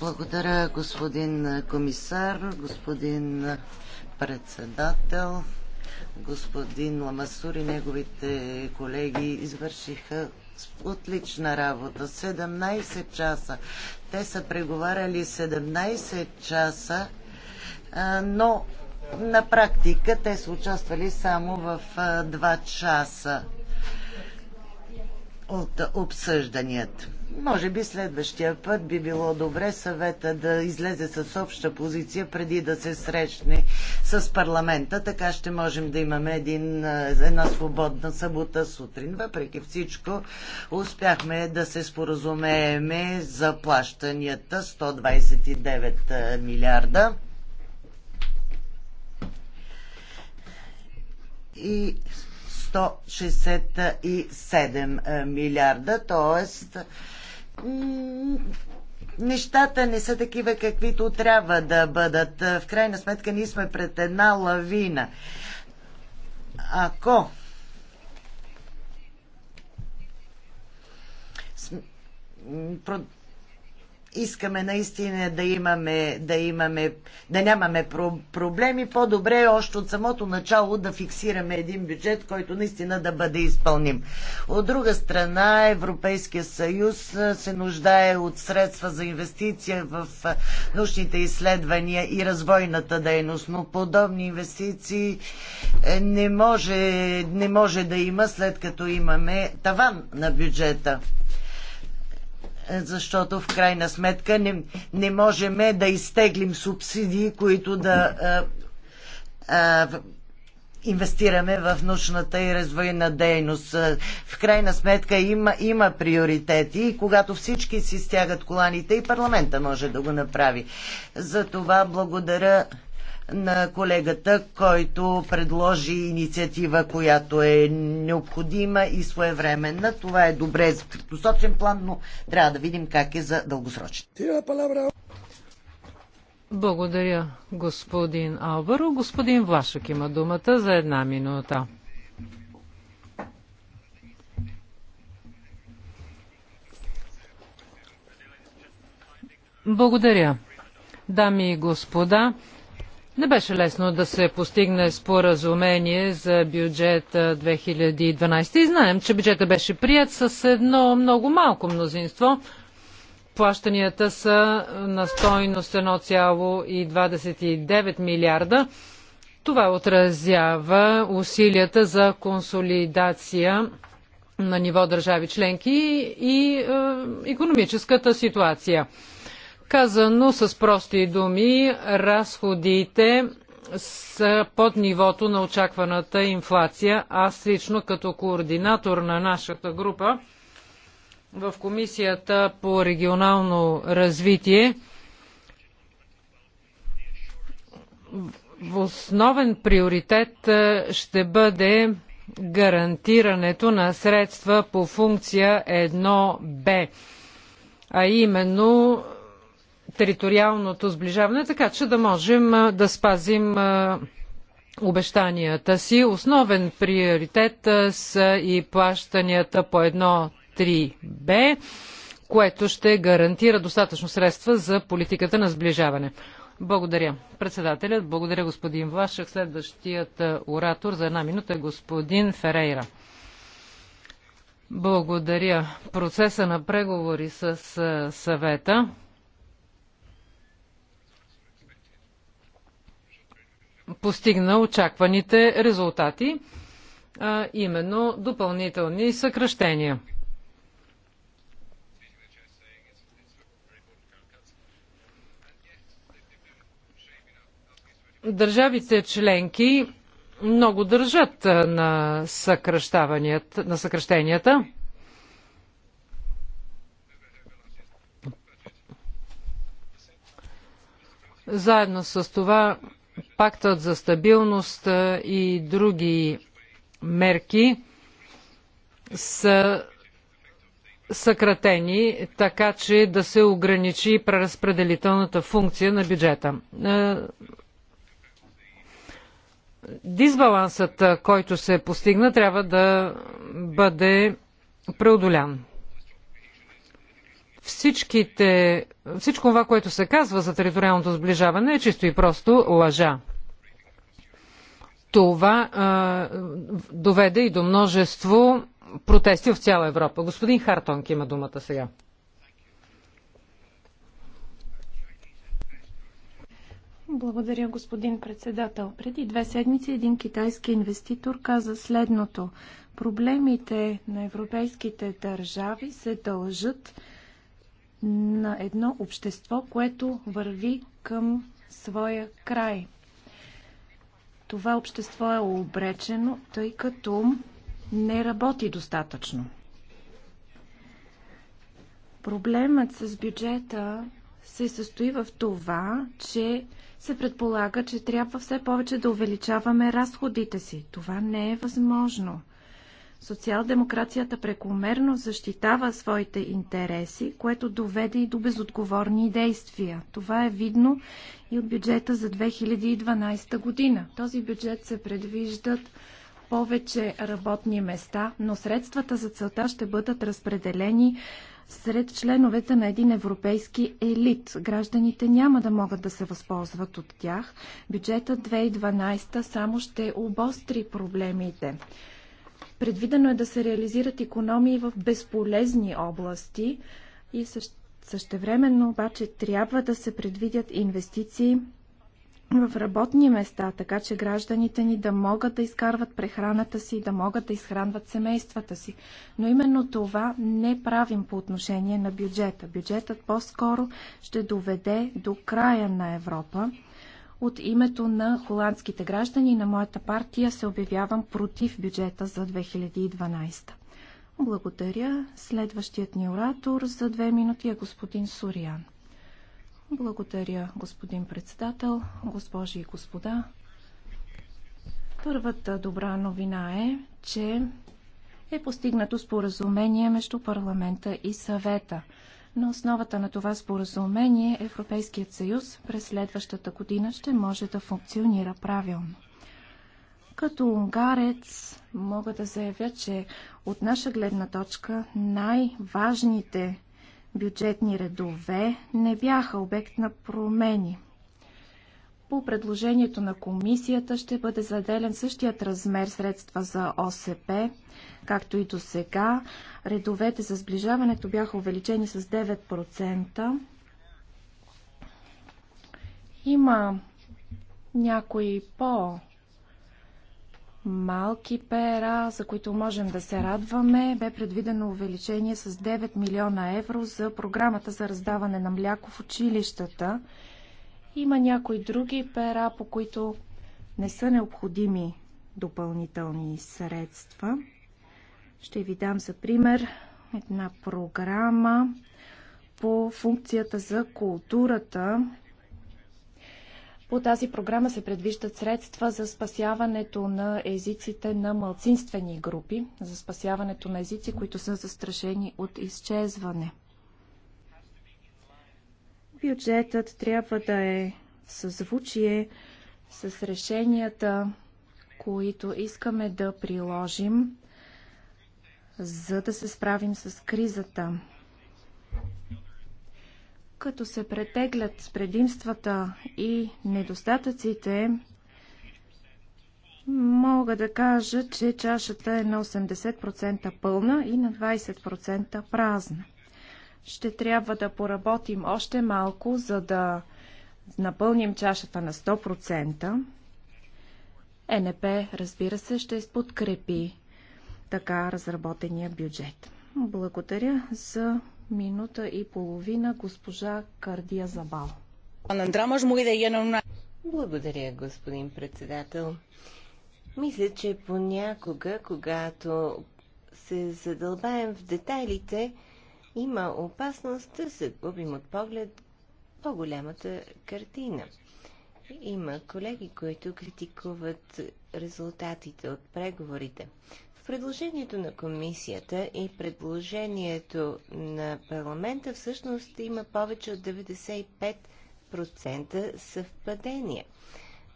благодаря господин комисар, господин председател, господин Ламасур и неговите колеги извършиха отлична работа. 17 часа. Те са преговаряли 17 часа но на практика те са участвали само в два часа от обсъжданията. Може би следващия път би било добре съвета да излезе с обща позиция преди да се срещне с парламента. Така ще можем да имаме един, една свободна събота сутрин. Въпреки всичко, успяхме да се споразумееме за плащанията 129 милиарда. и 167 е, милиарда, т.е. нещата не са такива каквито трябва да бъдат. Е, в крайна сметка ние сме пред една лавина. Ако искаме наистина да имаме, да имаме, да нямаме про- проблеми, по-добре е още от самото начало да фиксираме един бюджет, който наистина да бъде изпълним. От друга страна, Европейския съюз се нуждае от средства за инвестиция в научните изследвания и развойната дейност, но подобни инвестиции е, не може, не може да има след като имаме таван на бюджета защото в крайна сметка не, не можем да изтеглим субсидии, които да а, а, инвестираме в научната и развойна дейност. В крайна сметка има, има приоритети и когато всички си стягат коланите и парламента може да го направи. За това благодаря на колегата, който предложи инициатива, която е необходима и своевременна. Това е добре за краткосрочен план, но трябва да видим как е за дългосрочен. Благодаря, господин Алваро. Господин Влашък има думата за една минута. Благодаря. Дами и господа, не беше лесно да се постигне споразумение за бюджет 2012 и знаем, че бюджета беше прият с едно много малко мнозинство. Плащанията са на стойност 1,29 милиарда. Това отразява усилията за консолидация на ниво държави членки и е, економическата ситуация. Казано с прости думи, разходите са под нивото на очакваната инфлация. Аз лично като координатор на нашата група в Комисията по регионално развитие В основен приоритет е, ще бъде гарантирането на средства по функция 1Б, а именно териториалното сближаване, така че да можем да спазим обещанията си. Основен приоритет са и плащанията по 1.3b, което ще гарантира достатъчно средства за политиката на сближаване. Благодаря. Председателят, благодаря господин Влашък. Следващият оратор за една минута е господин Ферейра. Благодаря. Процеса на преговори с съвета постигна очакваните резултати, а именно допълнителни съкръщения. Държавите членки много държат на, на съкръщенията. Заедно с това пактът за стабилност и други мерки са съкратени, така че да се ограничи преразпределителната функция на бюджета. Дисбалансът, който се постигна, трябва да бъде преодолян. Всичките, всичко това, което се казва за териториалното сближаване е чисто и просто лъжа. Това а, доведе и до множество протести в цяла Европа. Господин Хартонг има думата сега. Благодаря, господин председател. Преди две седмици един китайски инвеститор каза следното. Проблемите на европейските държави се дължат на едно общество, което върви към своя край. Това общество е обречено, тъй като не работи достатъчно. Проблемът с бюджета се състои в това, че се предполага, че трябва все повече да увеличаваме разходите си. Това не е възможно. Социал-демокрацията прекомерно защитава своите интереси, което доведе и до безотговорни действия. Това е видно и от бюджета за 2012 година. В този бюджет се предвиждат повече работни места, но средствата за целта ще бъдат разпределени сред членовете на един европейски елит. Гражданите няма да могат да се възползват от тях. Бюджетът 2012 само ще обостри проблемите. Предвидено е да се реализират економии в безполезни области и същевременно обаче трябва да се предвидят инвестиции в работни места, така че гражданите ни да могат да изкарват прехраната си, да могат да изхранват семействата си. Но именно това не правим по отношение на бюджета. Бюджетът по-скоро ще доведе до края на Европа от името на холандските граждани на моята партия се обявявам против бюджета за 2012. Благодаря. Следващият ни оратор за две минути е господин Сориан. Благодаря, господин председател, госпожи и господа. Първата добра новина е, че е постигнато споразумение между парламента и съвета – на основата на това споразумение Европейският съюз през следващата година ще може да функционира правилно. Като унгарец мога да заявя, че от наша гледна точка най-важните бюджетни редове не бяха обект на промени. По предложението на комисията ще бъде заделен същият размер средства за ОСП, както и до сега. Редовете за сближаването бяха увеличени с 9%. Има някои по- малки пера, за които можем да се радваме, бе предвидено увеличение с 9 милиона евро за програмата за раздаване на мляко в училищата. Има някои други пера, по които не са необходими допълнителни средства. Ще ви дам за пример една програма по функцията за културата. По тази програма се предвиждат средства за спасяването на езиците на малцинствени групи, за спасяването на езици, които са застрашени от изчезване – Бюджетът трябва да е в съзвучие с решенията, които искаме да приложим, за да се справим с кризата. Като се претеглят предимствата и недостатъците, мога да кажа, че чашата е на 80% пълна и на 20% празна. Ще трябва да поработим още малко, за да напълним чашата на 100%. ЕНП, разбира се, ще подкрепи така разработения бюджет. Благодаря за минута и половина госпожа Кардия Забал. Благодаря, господин председател. Мисля, че понякога, когато се задълбаем в детайлите, има опасност да се губим от поглед по-голямата картина. Има колеги, които критикуват резултатите от преговорите. В предложението на комисията и предложението на парламента всъщност има повече от 95% съвпадения.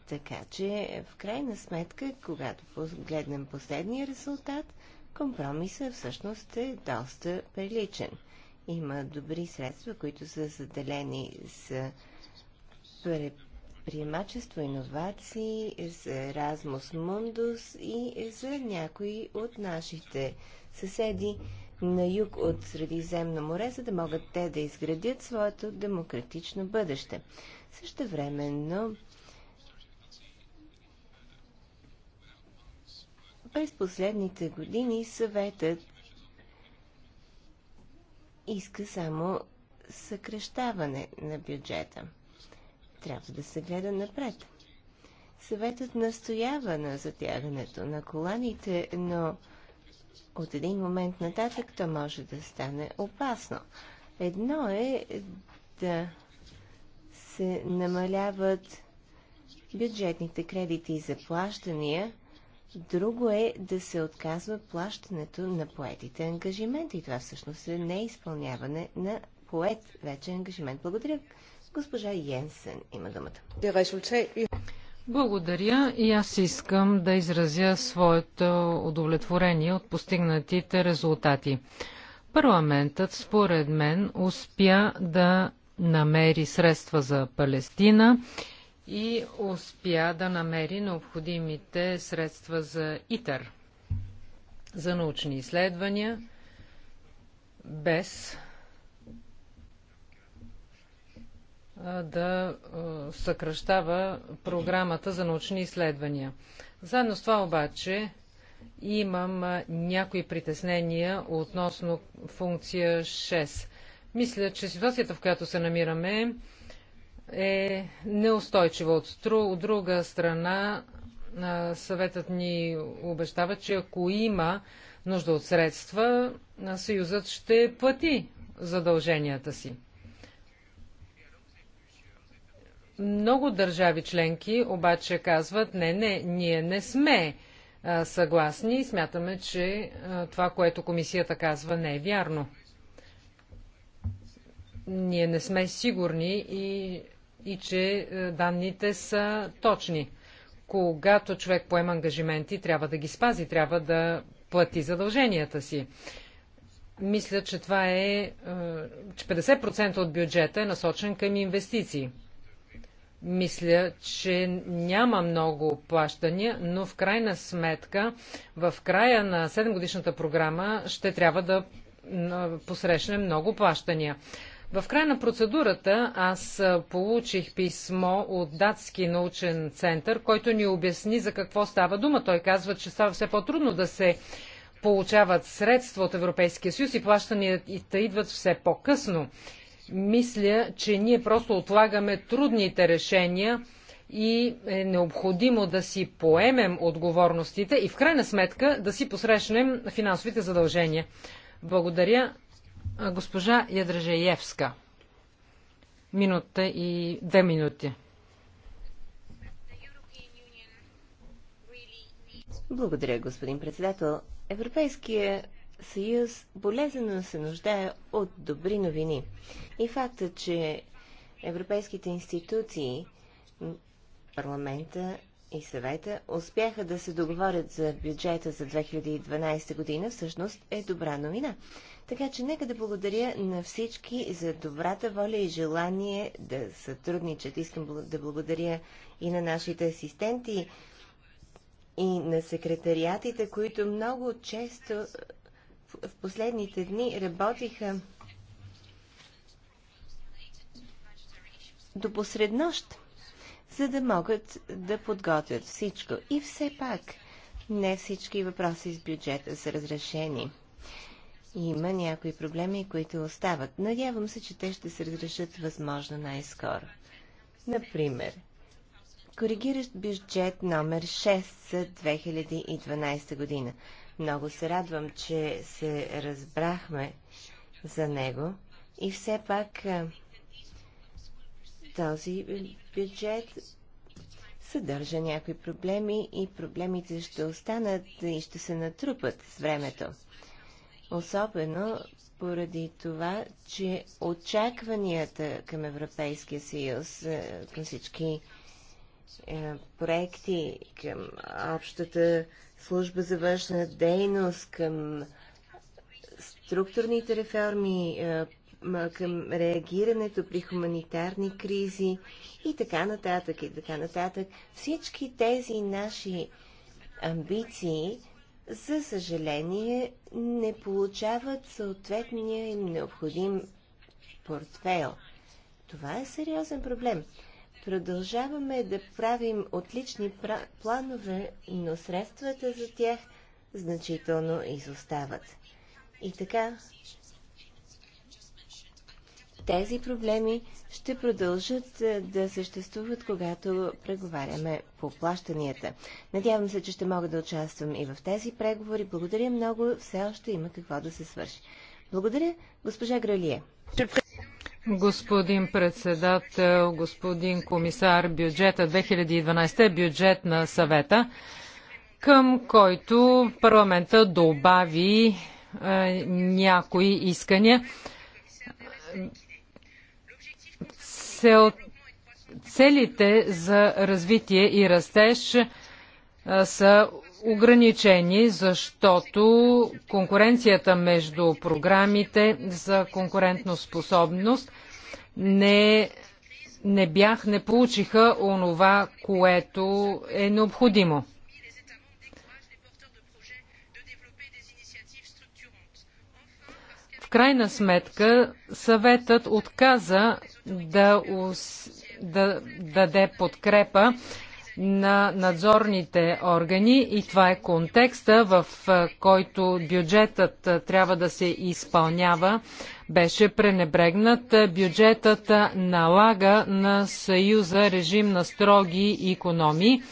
Така че, в крайна сметка, когато погледнем последния резултат, компромисът всъщност е доста приличен. Има добри средства, които са заделени за предприемачество, иновации, за Размус Мундус и за някои от нашите съседи на юг от Средиземно море, за да могат те да изградят своето демократично бъдеще. Също времено През последните години съветът иска само съкръщаване на бюджета. Трябва да се гледа напред. Съветът настоява на затягането на коланите, но от един момент нататък то може да стане опасно. Едно е да се намаляват бюджетните кредити и заплащания. Друго е да се отказва плащането на поетите ангажименти. И това всъщност е неизпълняване на поет вече ангажимент. Благодаря. Госпожа Йенсен има думата. Благодаря и аз искам да изразя своето удовлетворение от постигнатите резултати. Парламентът, според мен, успя да намери средства за Палестина и успя да намери необходимите средства за ИТЕР, за научни изследвания, без да съкръщава програмата за научни изследвания. Заедно с това обаче имам някои притеснения относно функция 6. Мисля, че ситуацията, в която се намираме, е неустойчива. От, от друга страна, съветът ни обещава, че ако има нужда от средства, Съюзът ще плати задълженията си. Много държави членки обаче казват, не, не, ние не сме съгласни и смятаме, че това, което комисията казва, не е вярно. Ние не сме сигурни и и че е, данните са точни. Когато човек поема ангажименти, трябва да ги спази, трябва да плати задълженията си. Мисля, че това е, е че 50% от бюджета е насочен към инвестиции. Мисля, че няма много плащания, но в крайна сметка, в края на 7-годишната програма ще трябва да посрещне много плащания. В края на процедурата аз получих писмо от датски научен център, който ни обясни за какво става дума. Той казва, че става все по-трудно да се получават средства от Европейския съюз и плащанията идват все по-късно. Мисля, че ние просто отлагаме трудните решения и е необходимо да си поемем отговорностите и в крайна сметка да си посрещнем финансовите задължения. Благодаря. Госпожа Ядрежеевска. Минута и две минути. Благодаря, господин председател. Европейския съюз болезнено се нуждае от добри новини. И факта, че европейските институции, парламента, и съвета успяха да се договорят за бюджета за 2012 година, всъщност е добра новина. Така че нека да благодаря на всички за добрата воля и желание да сътрудничат. Искам да благодаря и на нашите асистенти, и на секретариатите, които много често е, в последните дни работиха до посреднощ за да могат да подготвят всичко. И все пак, не всички въпроси с бюджета са разрешени. Има някои проблеми, които остават. Надявам се, че те ще се разрешат възможно най-скоро. Например, коригиращ бюджет номер 6 за 2012 година. Много се радвам, че се разбрахме за него и все пак този бюджет съдържа някои проблеми и проблемите ще останат и ще се натрупат с времето. Особено поради това, че очакванията към Европейския съюз, е, към всички е, проекти, към общата служба за външна дейност, към структурните реформи, е, към реагирането при хуманитарни кризи и така нататък, и така нататък. Всички тези наши амбиции, за съжаление, не получават съответния им необходим портфейл. Това е сериозен проблем. Продължаваме да правим отлични планове, но средствата за тях значително изостават. И така, тези проблеми ще продължат е, да съществуват, когато преговаряме по плащанията. Надявам се, че ще мога да участвам и в тези преговори. Благодаря много. Все още има какво да се свърши. Благодаря, госпожа Гралие. Господин председател, господин комисар, бюджета 2012 е бюджет на съвета, към който парламента добави е, някои искания цел, целите за развитие и растеж са ограничени, защото конкуренцията между програмите за способност не, не бях, не получиха онова, което е необходимо. крайна сметка съветът отказа да, да даде подкрепа на надзорните органи и това е контекста, в който бюджетът трябва да се изпълнява, беше пренебрегнат. Бюджетът налага на Съюза режим на строги економии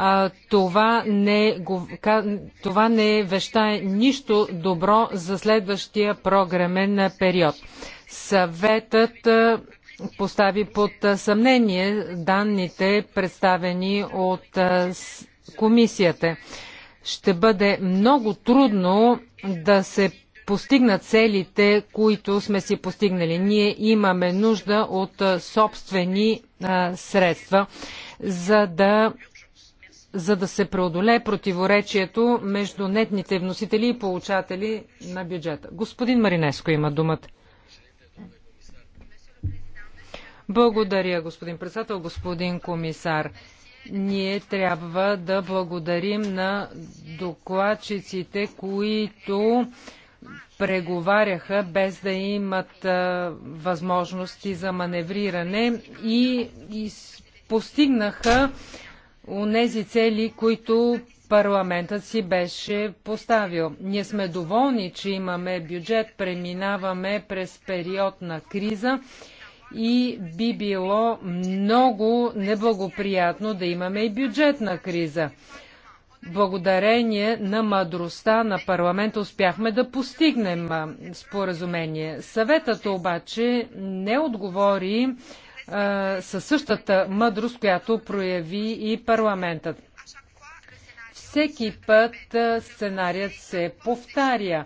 а, това, не, това не вещае нищо добро за следващия програмен период. Съветът постави под съмнение данните, представени от комисията. Ще бъде много трудно да се постигнат целите, които сме си постигнали. Ние имаме нужда от собствени а, средства, за да за да се преодолее противоречието между нетните вносители и получатели на бюджета. Господин Маринеско има думата. Благодаря, господин председател, господин комисар. Ние трябва да благодарим на докладчиците, които преговаряха без да имат възможности за маневриране и, и постигнаха онези цели, които парламентът си беше поставил. Ние сме доволни, че имаме бюджет, преминаваме през период на криза и би било много неблагоприятно да имаме и бюджетна криза. Благодарение на мъдростта на парламента успяхме да постигнем споразумение. Съветът обаче не отговори със същата мъдрост, която прояви и парламентът. Всеки път сценарият се повтаря.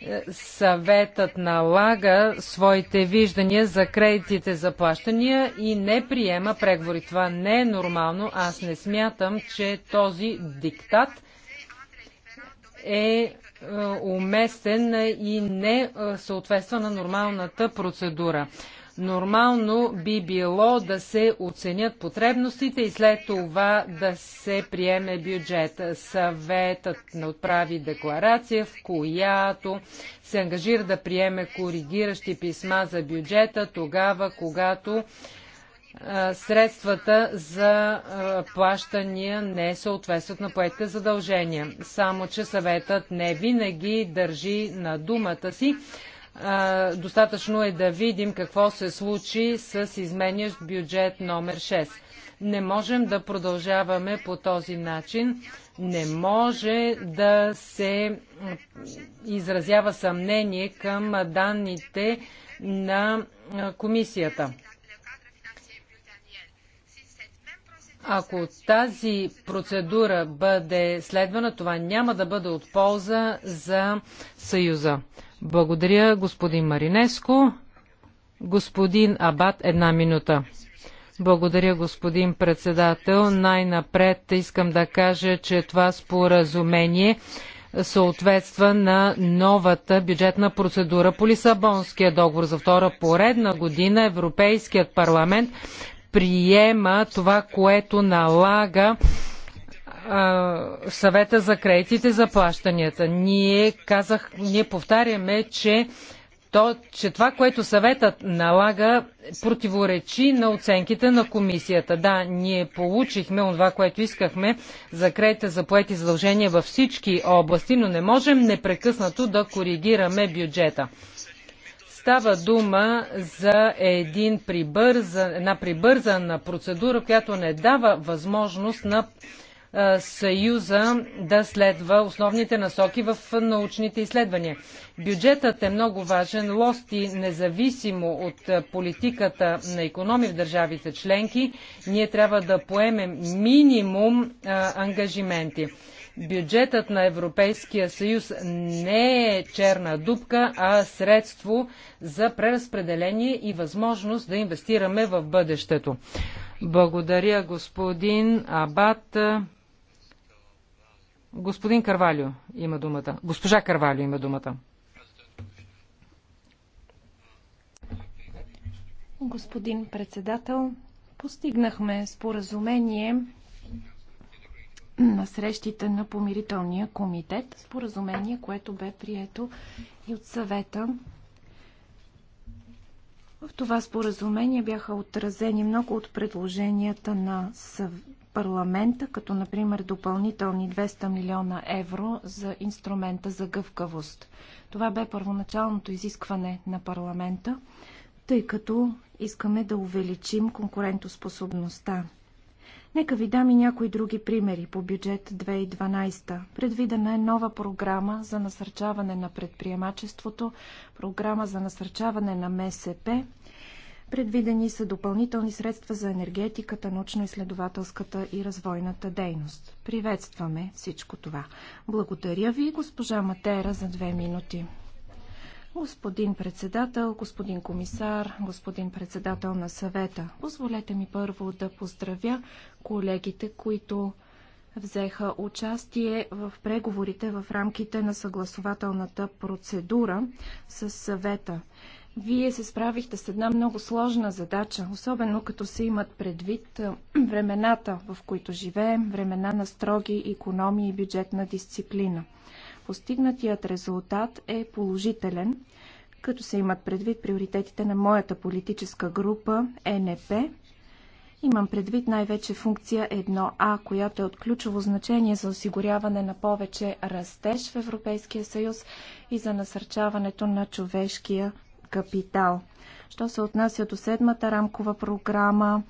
Е, съветът налага своите виждания за кредитите за плащания и не приема преговори. Това не е нормално. Аз не смятам, че този диктат е, е уместен и не е, съответства на нормалната процедура. Нормално би било да се оценят потребностите и след това да се приеме бюджет. Съветът отправи декларация, в която се ангажира да приеме коригиращи писма за бюджета тогава, когато средствата за плащания не съответстват на поетите задължения. Само, че съветът не винаги държи на думата си, достатъчно е да видим какво се случи с изменящ бюджет номер 6. Не можем да продължаваме по този начин. Не може да се изразява съмнение към данните на комисията. Ако тази процедура бъде следвана, това няма да бъде от полза за Съюза. Благодаря, господин Маринеско. Господин Абат, една минута. Благодаря, господин председател. Най-напред искам да кажа, че това споразумение съответства на новата бюджетна процедура по Лисабонския договор. За втора поредна година Европейският парламент приема това, което налага съвета за кредитите за плащанията. Ние казах, ние повтаряме, че, то, че това, което съветът налага, противоречи на оценките на комисията. Да, ние получихме това, което искахме за кредита за поети задължения във всички области, но не можем непрекъснато да коригираме бюджета става дума за един прибърза, една прибързана процедура, която не дава възможност на Съюза да следва основните насоки в научните изследвания. Бюджетът е много важен. Лости, независимо от политиката на економи в държавите членки, ние трябва да поемем минимум а, ангажименти. Бюджетът на Европейския съюз не е черна дупка, а средство за преразпределение и възможност да инвестираме в бъдещето. Благодаря, господин Абат. Господин Карвалио има думата. Госпожа Карвалио има думата. Господин председател, постигнахме споразумение на срещите на помирителния комитет. Споразумение, което бе прието и от съвета. В това споразумение бяха отразени много от предложенията на съвета парламента, като например допълнителни 200 милиона евро за инструмента за гъвкавост. Това бе първоначалното изискване на парламента, тъй като искаме да увеличим конкурентоспособността. Нека ви дам и някои други примери по бюджет 2012. Предвидена е нова програма за насърчаване на предприемачеството, програма за насърчаване на МСП Предвидени са допълнителни средства за енергетиката, научно-изследователската и развойната дейност. Приветстваме всичко това. Благодаря ви, госпожа Матера, за две минути. Господин председател, господин комисар, господин председател на съвета, позволете ми първо да поздравя колегите, които взеха участие в преговорите в рамките на съгласователната процедура с съвета. Вие се справихте с една много сложна задача, особено като се имат предвид <clears throat> времената, в които живеем, времена на строги економии и бюджетна дисциплина. Постигнатият резултат е положителен, като се имат предвид приоритетите на моята политическа група е НП. Имам предвид най-вече функция 1А, която е от ключово значение за осигуряване на повече растеж в Европейския съюз и за насърчаването на човешкия капитал. Що се отнася до седмата рамкова програма,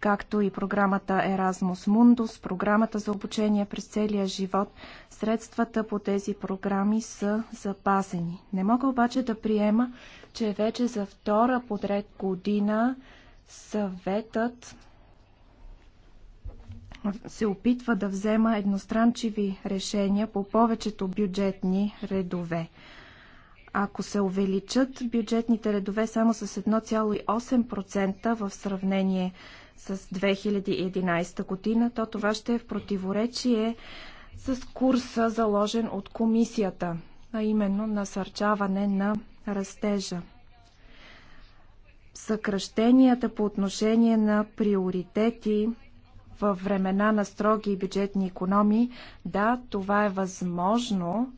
както и програмата Erasmus Mundus, програмата за обучение през целия живот, средствата по тези програми са запазени. Не мога обаче да приема, че вече за втора подред година съветът се опитва да взема едностранчиви решения по повечето бюджетни редове. Ако се увеличат бюджетните редове само с 1,8% в сравнение с 2011 година, то това ще е в противоречие с курса заложен от комисията, а именно насърчаване на растежа. Съкръщенията по отношение на приоритети във времена на строги бюджетни економии, да, това е възможно,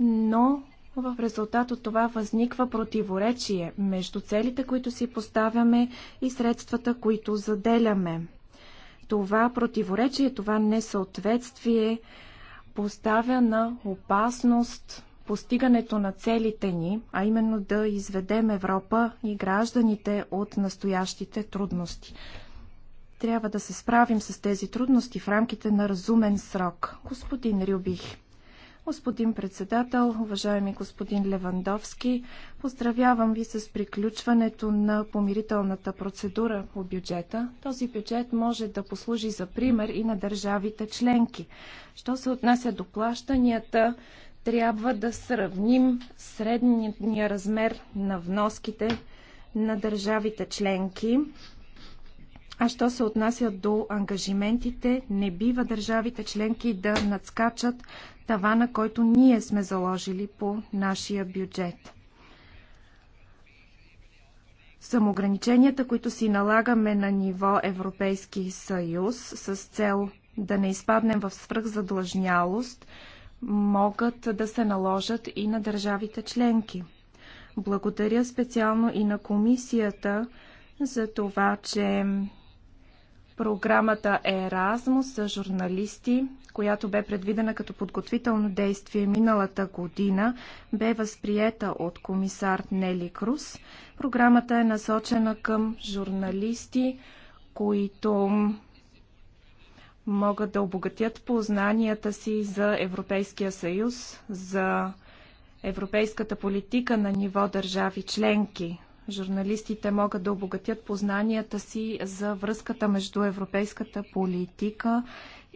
но в резултат от това възниква противоречие между целите, които си поставяме и средствата, които заделяме. Това противоречие, това несъответствие поставя на опасност постигането на целите ни, а именно да изведем Европа и гражданите от настоящите трудности. Трябва да се справим с тези трудности в рамките на разумен срок. Господин Рюбих. Господин председател, уважаеми господин Левандовски, поздравявам ви с приключването на помирителната процедура по бюджета. Този бюджет може да послужи за пример и на държавите членки. Що се отнася до плащанията, трябва да сравним средния размер на вноските на държавите членки. А що се отнася до ангажиментите, не бива държавите членки да надскачат тавана, който ние сме заложили по нашия бюджет. Самоограниченията, които си налагаме на ниво Европейски съюз с цел да не изпаднем в свръхзадлъжнялост, могат да се наложат и на държавите членки. Благодаря специално и на комисията за това, че програмата Еразмус за журналисти която бе предвидена като подготвително действие миналата година, бе възприета от комисар Нели Крус. Програмата е насочена към журналисти, които могат да обогатят познанията си за Европейския съюз, за европейската политика на ниво държави членки. Журналистите могат да обогатят познанията си за връзката между европейската политика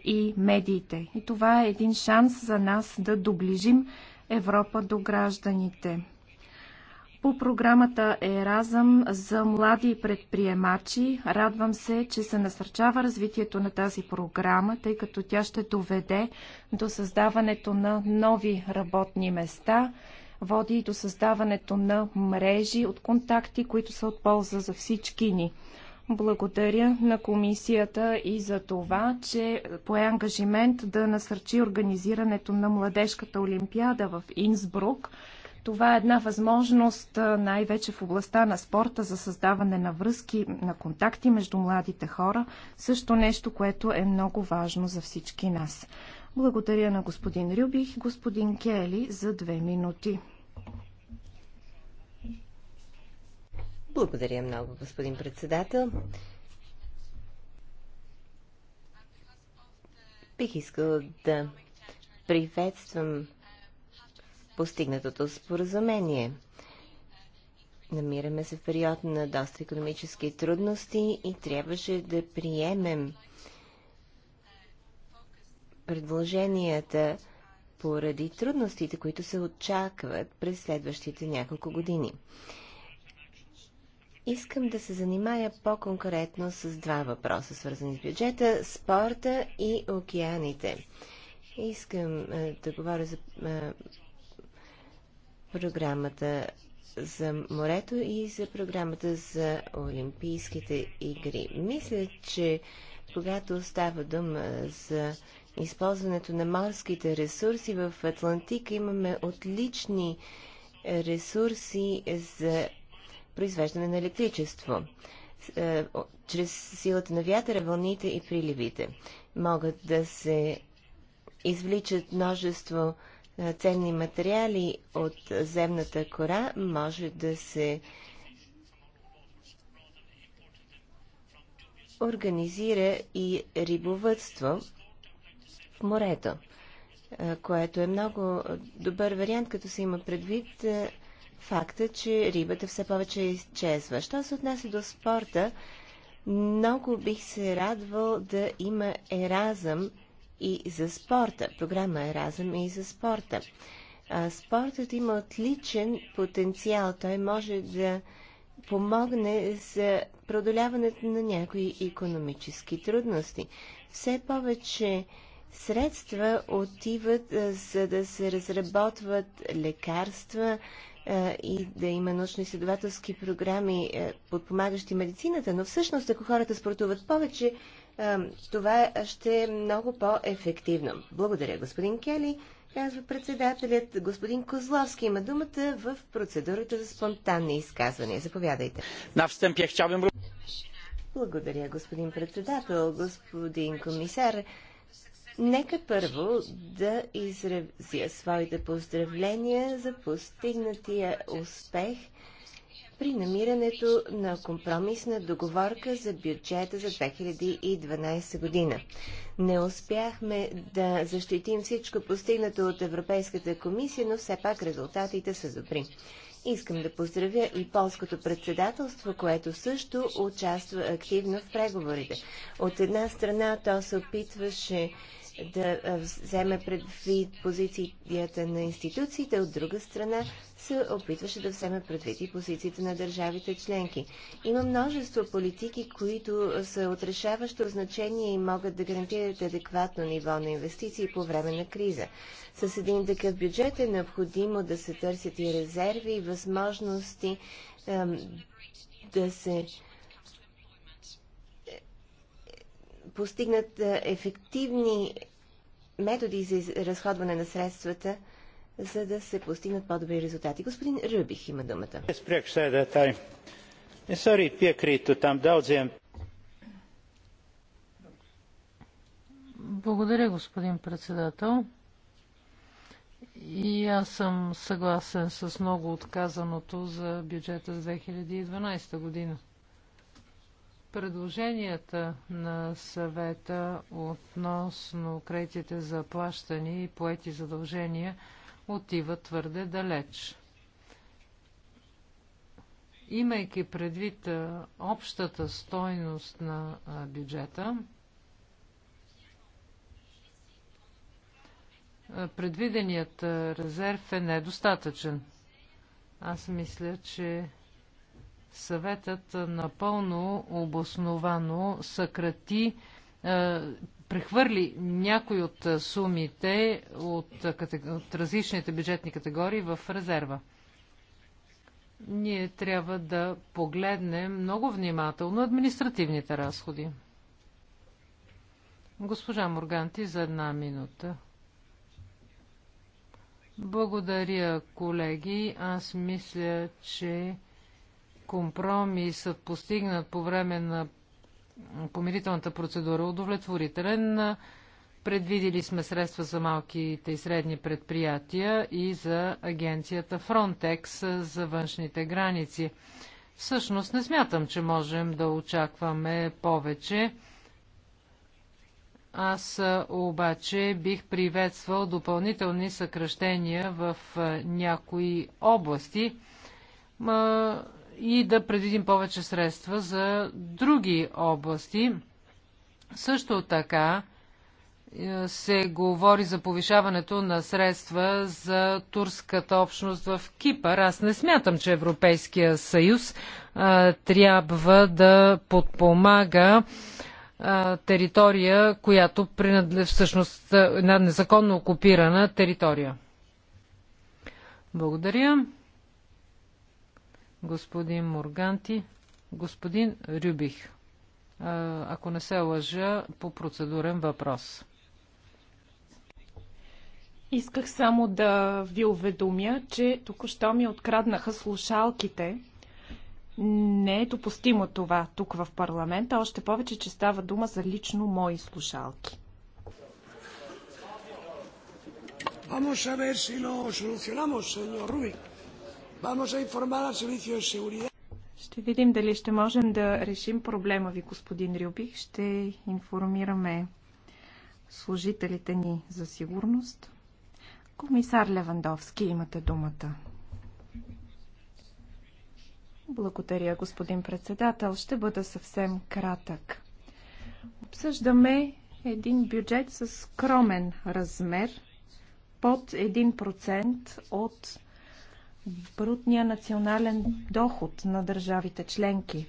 и медиите. И това е един шанс за нас да доближим Европа до гражданите. По програмата Еразъм за млади предприемачи радвам се, че се насърчава развитието на тази програма, тъй като тя ще доведе до създаването на нови работни места, води и до създаването на мрежи от контакти, които са от полза за всички ни – благодаря на комисията и за това, че пое ангажимент да насърчи организирането на младежката олимпиада в Инсбрук. Това е една възможност най-вече в областта на спорта за създаване на връзки, на контакти между младите хора, също нещо, което е много важно за всички нас. Благодаря на господин Рюбих, и господин Кели за две минути. Благодаря много, господин председател. Бих искал да приветствам постигнатото споразумение. Намираме се в период на доста економически трудности и трябваше да приемем предложенията поради трудностите, които се очакват през следващите няколко години. Искам да се занимая по-конкретно с два въпроса, свързани с бюджета, спорта и океаните. Искам е, да говоря за е, програмата за морето и за програмата за Олимпийските игри. Мисля, че когато става дума за използването на морските ресурси в Атлантика, имаме отлични ресурси за произвеждане на електричество е, чрез силата на вятъра, вълните и приливите. Могат да се извличат множество е, ценни материали от земната кора, може да се организира и рибовътство в морето, е, което е много добър вариант, като се има предвид факта, че рибата все повече изчезва. Що се отнася до спорта, много бих се радвал да има еразъм и за спорта. Програма еразъм и за спорта. спортът има отличен потенциал. Той може да помогне за продоляването на някои економически трудности. Все повече средства отиват за да се разработват лекарства, е, и да има научно-изследователски програми, е, подпомагащи медицината, но всъщност, ако хората спортуват повече, е, това ще е много по-ефективно. Благодаря, господин Кели. Казва председателят. Господин Козловски има думата в процедурата за спонтанни изказвания. Заповядайте. На встъпие Благодаря, господин председател, господин комисар. Нека първо да изразя своите поздравления за постигнатия успех при намирането на компромисна договорка за бюджета за 2012 година. Не успяхме да защитим всичко постигнато от Европейската комисия, но все пак резултатите са добри. Искам да поздравя и полското председателство, което също участва активно в преговорите. От една страна то се опитваше да вземе предвид позицията на институциите, от друга страна се опитваше да вземе предвид и позицията на държавите членки. Има множество политики, които са от решаващо значение и могат да гарантират адекватно ниво на инвестиции по време на криза. С един такъв бюджет е необходимо да се търсят и резерви и възможности да се постигнат ефективни методи за разходване на средствата, за да се постигнат по-добри резултати. Господин Рюбих има думата. Благодаря, господин председател. И аз съм съгласен с много отказаното за бюджета за 2012 година. Предложенията на съвета относно кредитите за плащане и поети задължения отива твърде далеч. Имайки предвид общата стойност на бюджета, предвиденият резерв е недостатъчен. Аз мисля, че Съветът напълно обосновано съкрати е, прехвърли някои от сумите от, от различните бюджетни категории в резерва. Ние трябва да погледнем много внимателно административните разходи. Госпожа Морганти за една минута. Благодаря, колеги. Аз мисля, че компромисът постигнат по време на помирителната процедура удовлетворителен. Предвидили сме средства за малките и средни предприятия и за агенцията Frontex за външните граници. Всъщност не смятам, че можем да очакваме повече. Аз обаче бих приветствал допълнителни съкръщения в някои области и да предвидим повече средства за други области. Също така е, се говори за повишаването на средства за турската общност в Кипър. Аз не смятам, че Европейския съюз а, е, трябва да подпомага а, е, територия, която принадлежи всъщност една незаконно окупирана територия. Благодаря господин Морганти, господин Рюбих, ако не се лъжа, по процедурен въпрос. Исках само да ви уведомя, че току-що ми откраднаха слушалките. Не е допустимо това тук в парламента, още повече, че става дума за лично мои слушалки. Vamos a ver si lo solucionamos, señor Rubik. Ще видим дали ще можем да решим проблема ви, господин Рюбих. Ще информираме служителите ни за сигурност. Комисар Левандовски, имате думата. Благодаря, господин председател. Ще бъда съвсем кратък. Обсъждаме един бюджет с скромен размер под 1% от брутния национален доход на държавите членки.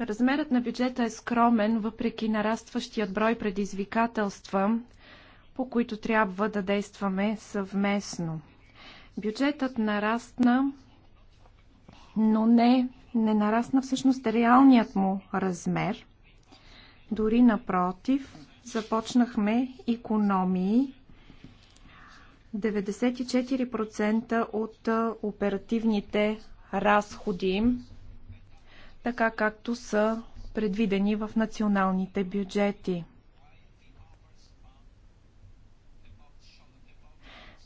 Размерът на бюджета е скромен, въпреки нарастващият брой предизвикателства, по които трябва да действаме съвместно. Бюджетът нарасна, но не, не нарасна всъщност реалният му размер. Дори напротив, започнахме економии 94% от оперативните разходи, така както са предвидени в националните бюджети.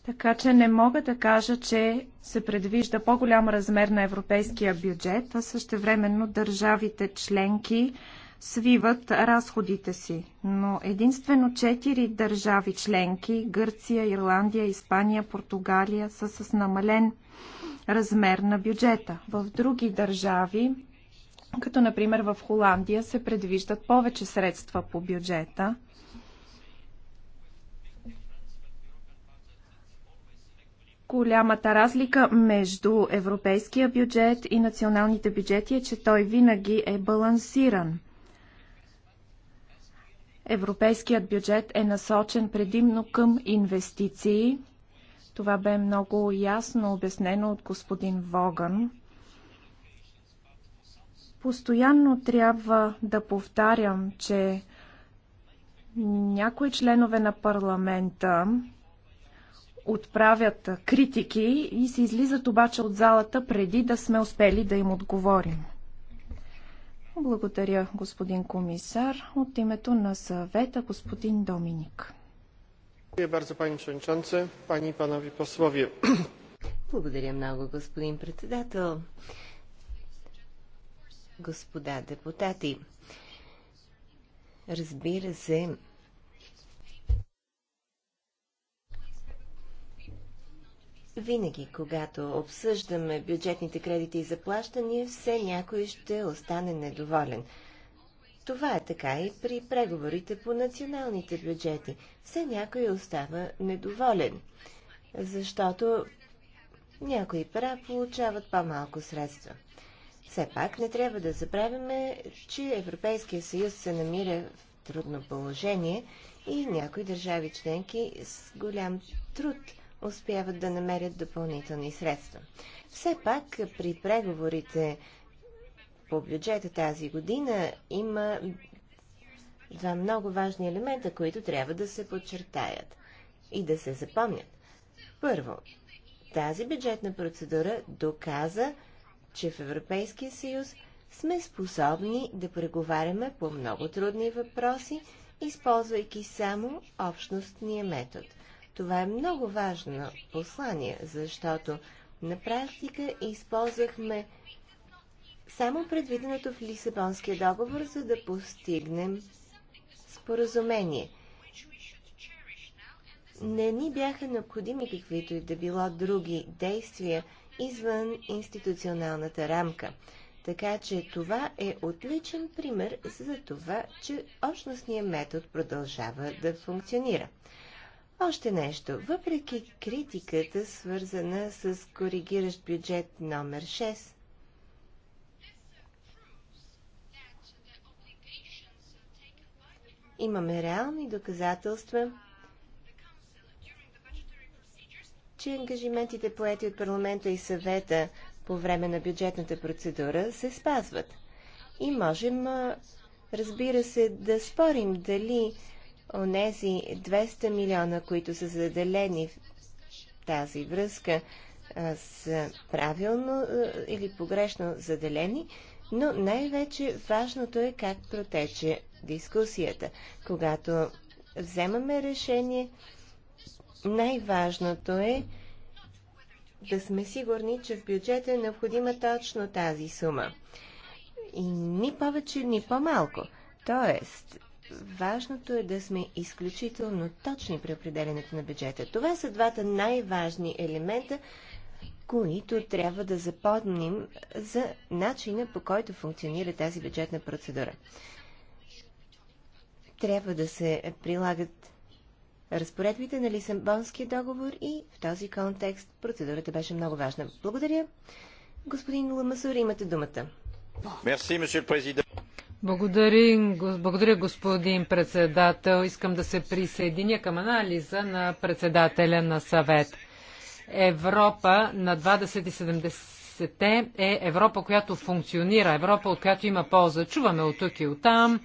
Така че не мога да кажа, че се предвижда по-голям размер на европейския бюджет, а също времено държавите членки свиват разходите си. Но единствено четири държави членки Гърция, Ирландия, Испания, Португалия са с намален размер на бюджета. В други държави, като например в Холандия, се предвиждат повече средства по бюджета. Голямата разлика между европейския бюджет и националните бюджети е, че той винаги е балансиран. Европейският бюджет е насочен предимно към инвестиции. Това бе много ясно обяснено от господин Воган. Постоянно трябва да повтарям, че някои членове на парламента отправят критики и се излизат обаче от залата преди да сме успели да им отговорим. Благодаря, господин комисар. От името на съвета, господин Доминик. Благодаря много, господин председател. Господа депутати, разбира се, Винаги, когато обсъждаме бюджетните кредити и заплащания, все някой ще остане недоволен. Това е така и при преговорите по националните бюджети. Все някой остава недоволен, защото някои пера получават по-малко средства. Все пак не трябва да забравяме, че Европейския съюз се намира в трудно положение и някои държави членки с голям труд – успяват да намерят допълнителни средства. Все пак при преговорите по бюджета тази година има два много важни елемента, които трябва да се подчертаят и да се запомнят. Първо, тази бюджетна процедура доказа, че в Европейския съюз сме способни да преговаряме по много трудни въпроси, използвайки само общностния метод. Това е много важно послание, защото на практика използвахме само предвиденото в Лисабонския договор, за да постигнем споразумение. Не ни бяха необходими каквито и да било други действия извън институционалната рамка. Така че това е отличен пример за това, че общностният метод продължава да функционира. Още нещо. Въпреки критиката, свързана с коригиращ бюджет номер 6, имаме реални доказателства, че ангажиментите поети от парламента и съвета по време на бюджетната процедура се спазват. И можем, разбира се, да спорим дали онези 200 милиона, които са заделени в тази връзка, са правилно или погрешно заделени, но най-вече важното е как протече дискусията. Когато вземаме решение, най-важното е да сме сигурни, че в бюджета е необходима точно тази сума. И ни повече, ни по-малко. Тоест, важното е да сме изключително точни при определенето на бюджета. Това са двата най-важни елемента, които трябва да запомним за начина по който функционира тази бюджетна процедура. Трябва да се прилагат разпоредбите на Лисабонския договор и в този контекст процедурата беше много важна. Благодаря. Господин Ламасур, имате думата. Мерси, президент. Благодаря, благодаря, господин председател. Искам да се присъединя към анализа на председателя на съвет. Европа на 2070-те е Европа, която функционира, Европа, от която има полза. Чуваме от тук и от там е,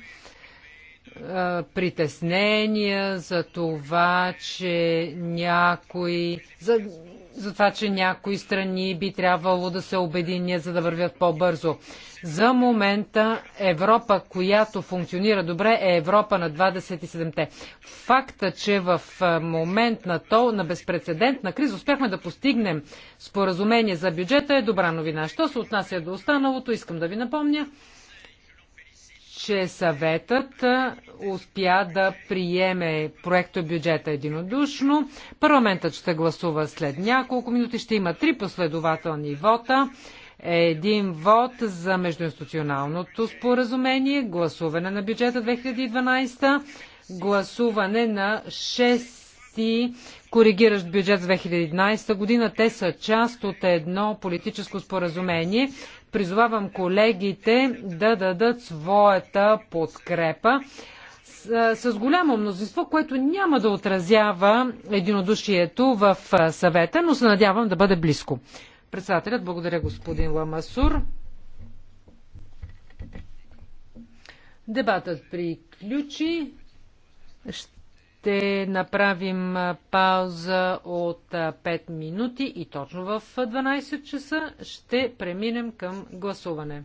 притеснения за това, че някои... За, за това, че някои страни би трябвало да се обединят, за да вървят по-бързо. За момента Европа, която функционира добре, е Европа на 27-те. Факта, че в момент на то, на безпредседентна криза, успяхме да постигнем споразумение за бюджета е добра новина. Що се отнася до останалото, искам да ви напомня, че съветът успя да приеме проекто бюджета единодушно. Парламентът ще гласува след няколко минути. Ще има три последователни вота. Един вод за междуинституционалното споразумение, гласуване на бюджета 2012, гласуване на 6 и коригиращ бюджет за 2011 година. Те са част от едно политическо споразумение. Призовавам колегите да дадат своята подкрепа с, с голямо мнозинство, което няма да отразява единодушието в съвета, но се надявам да бъде близко. Председателят, благодаря господин Ламасур. Дебатът приключи. Ще ще направим пауза от 5 минути и точно в 12 часа ще преминем към гласуване.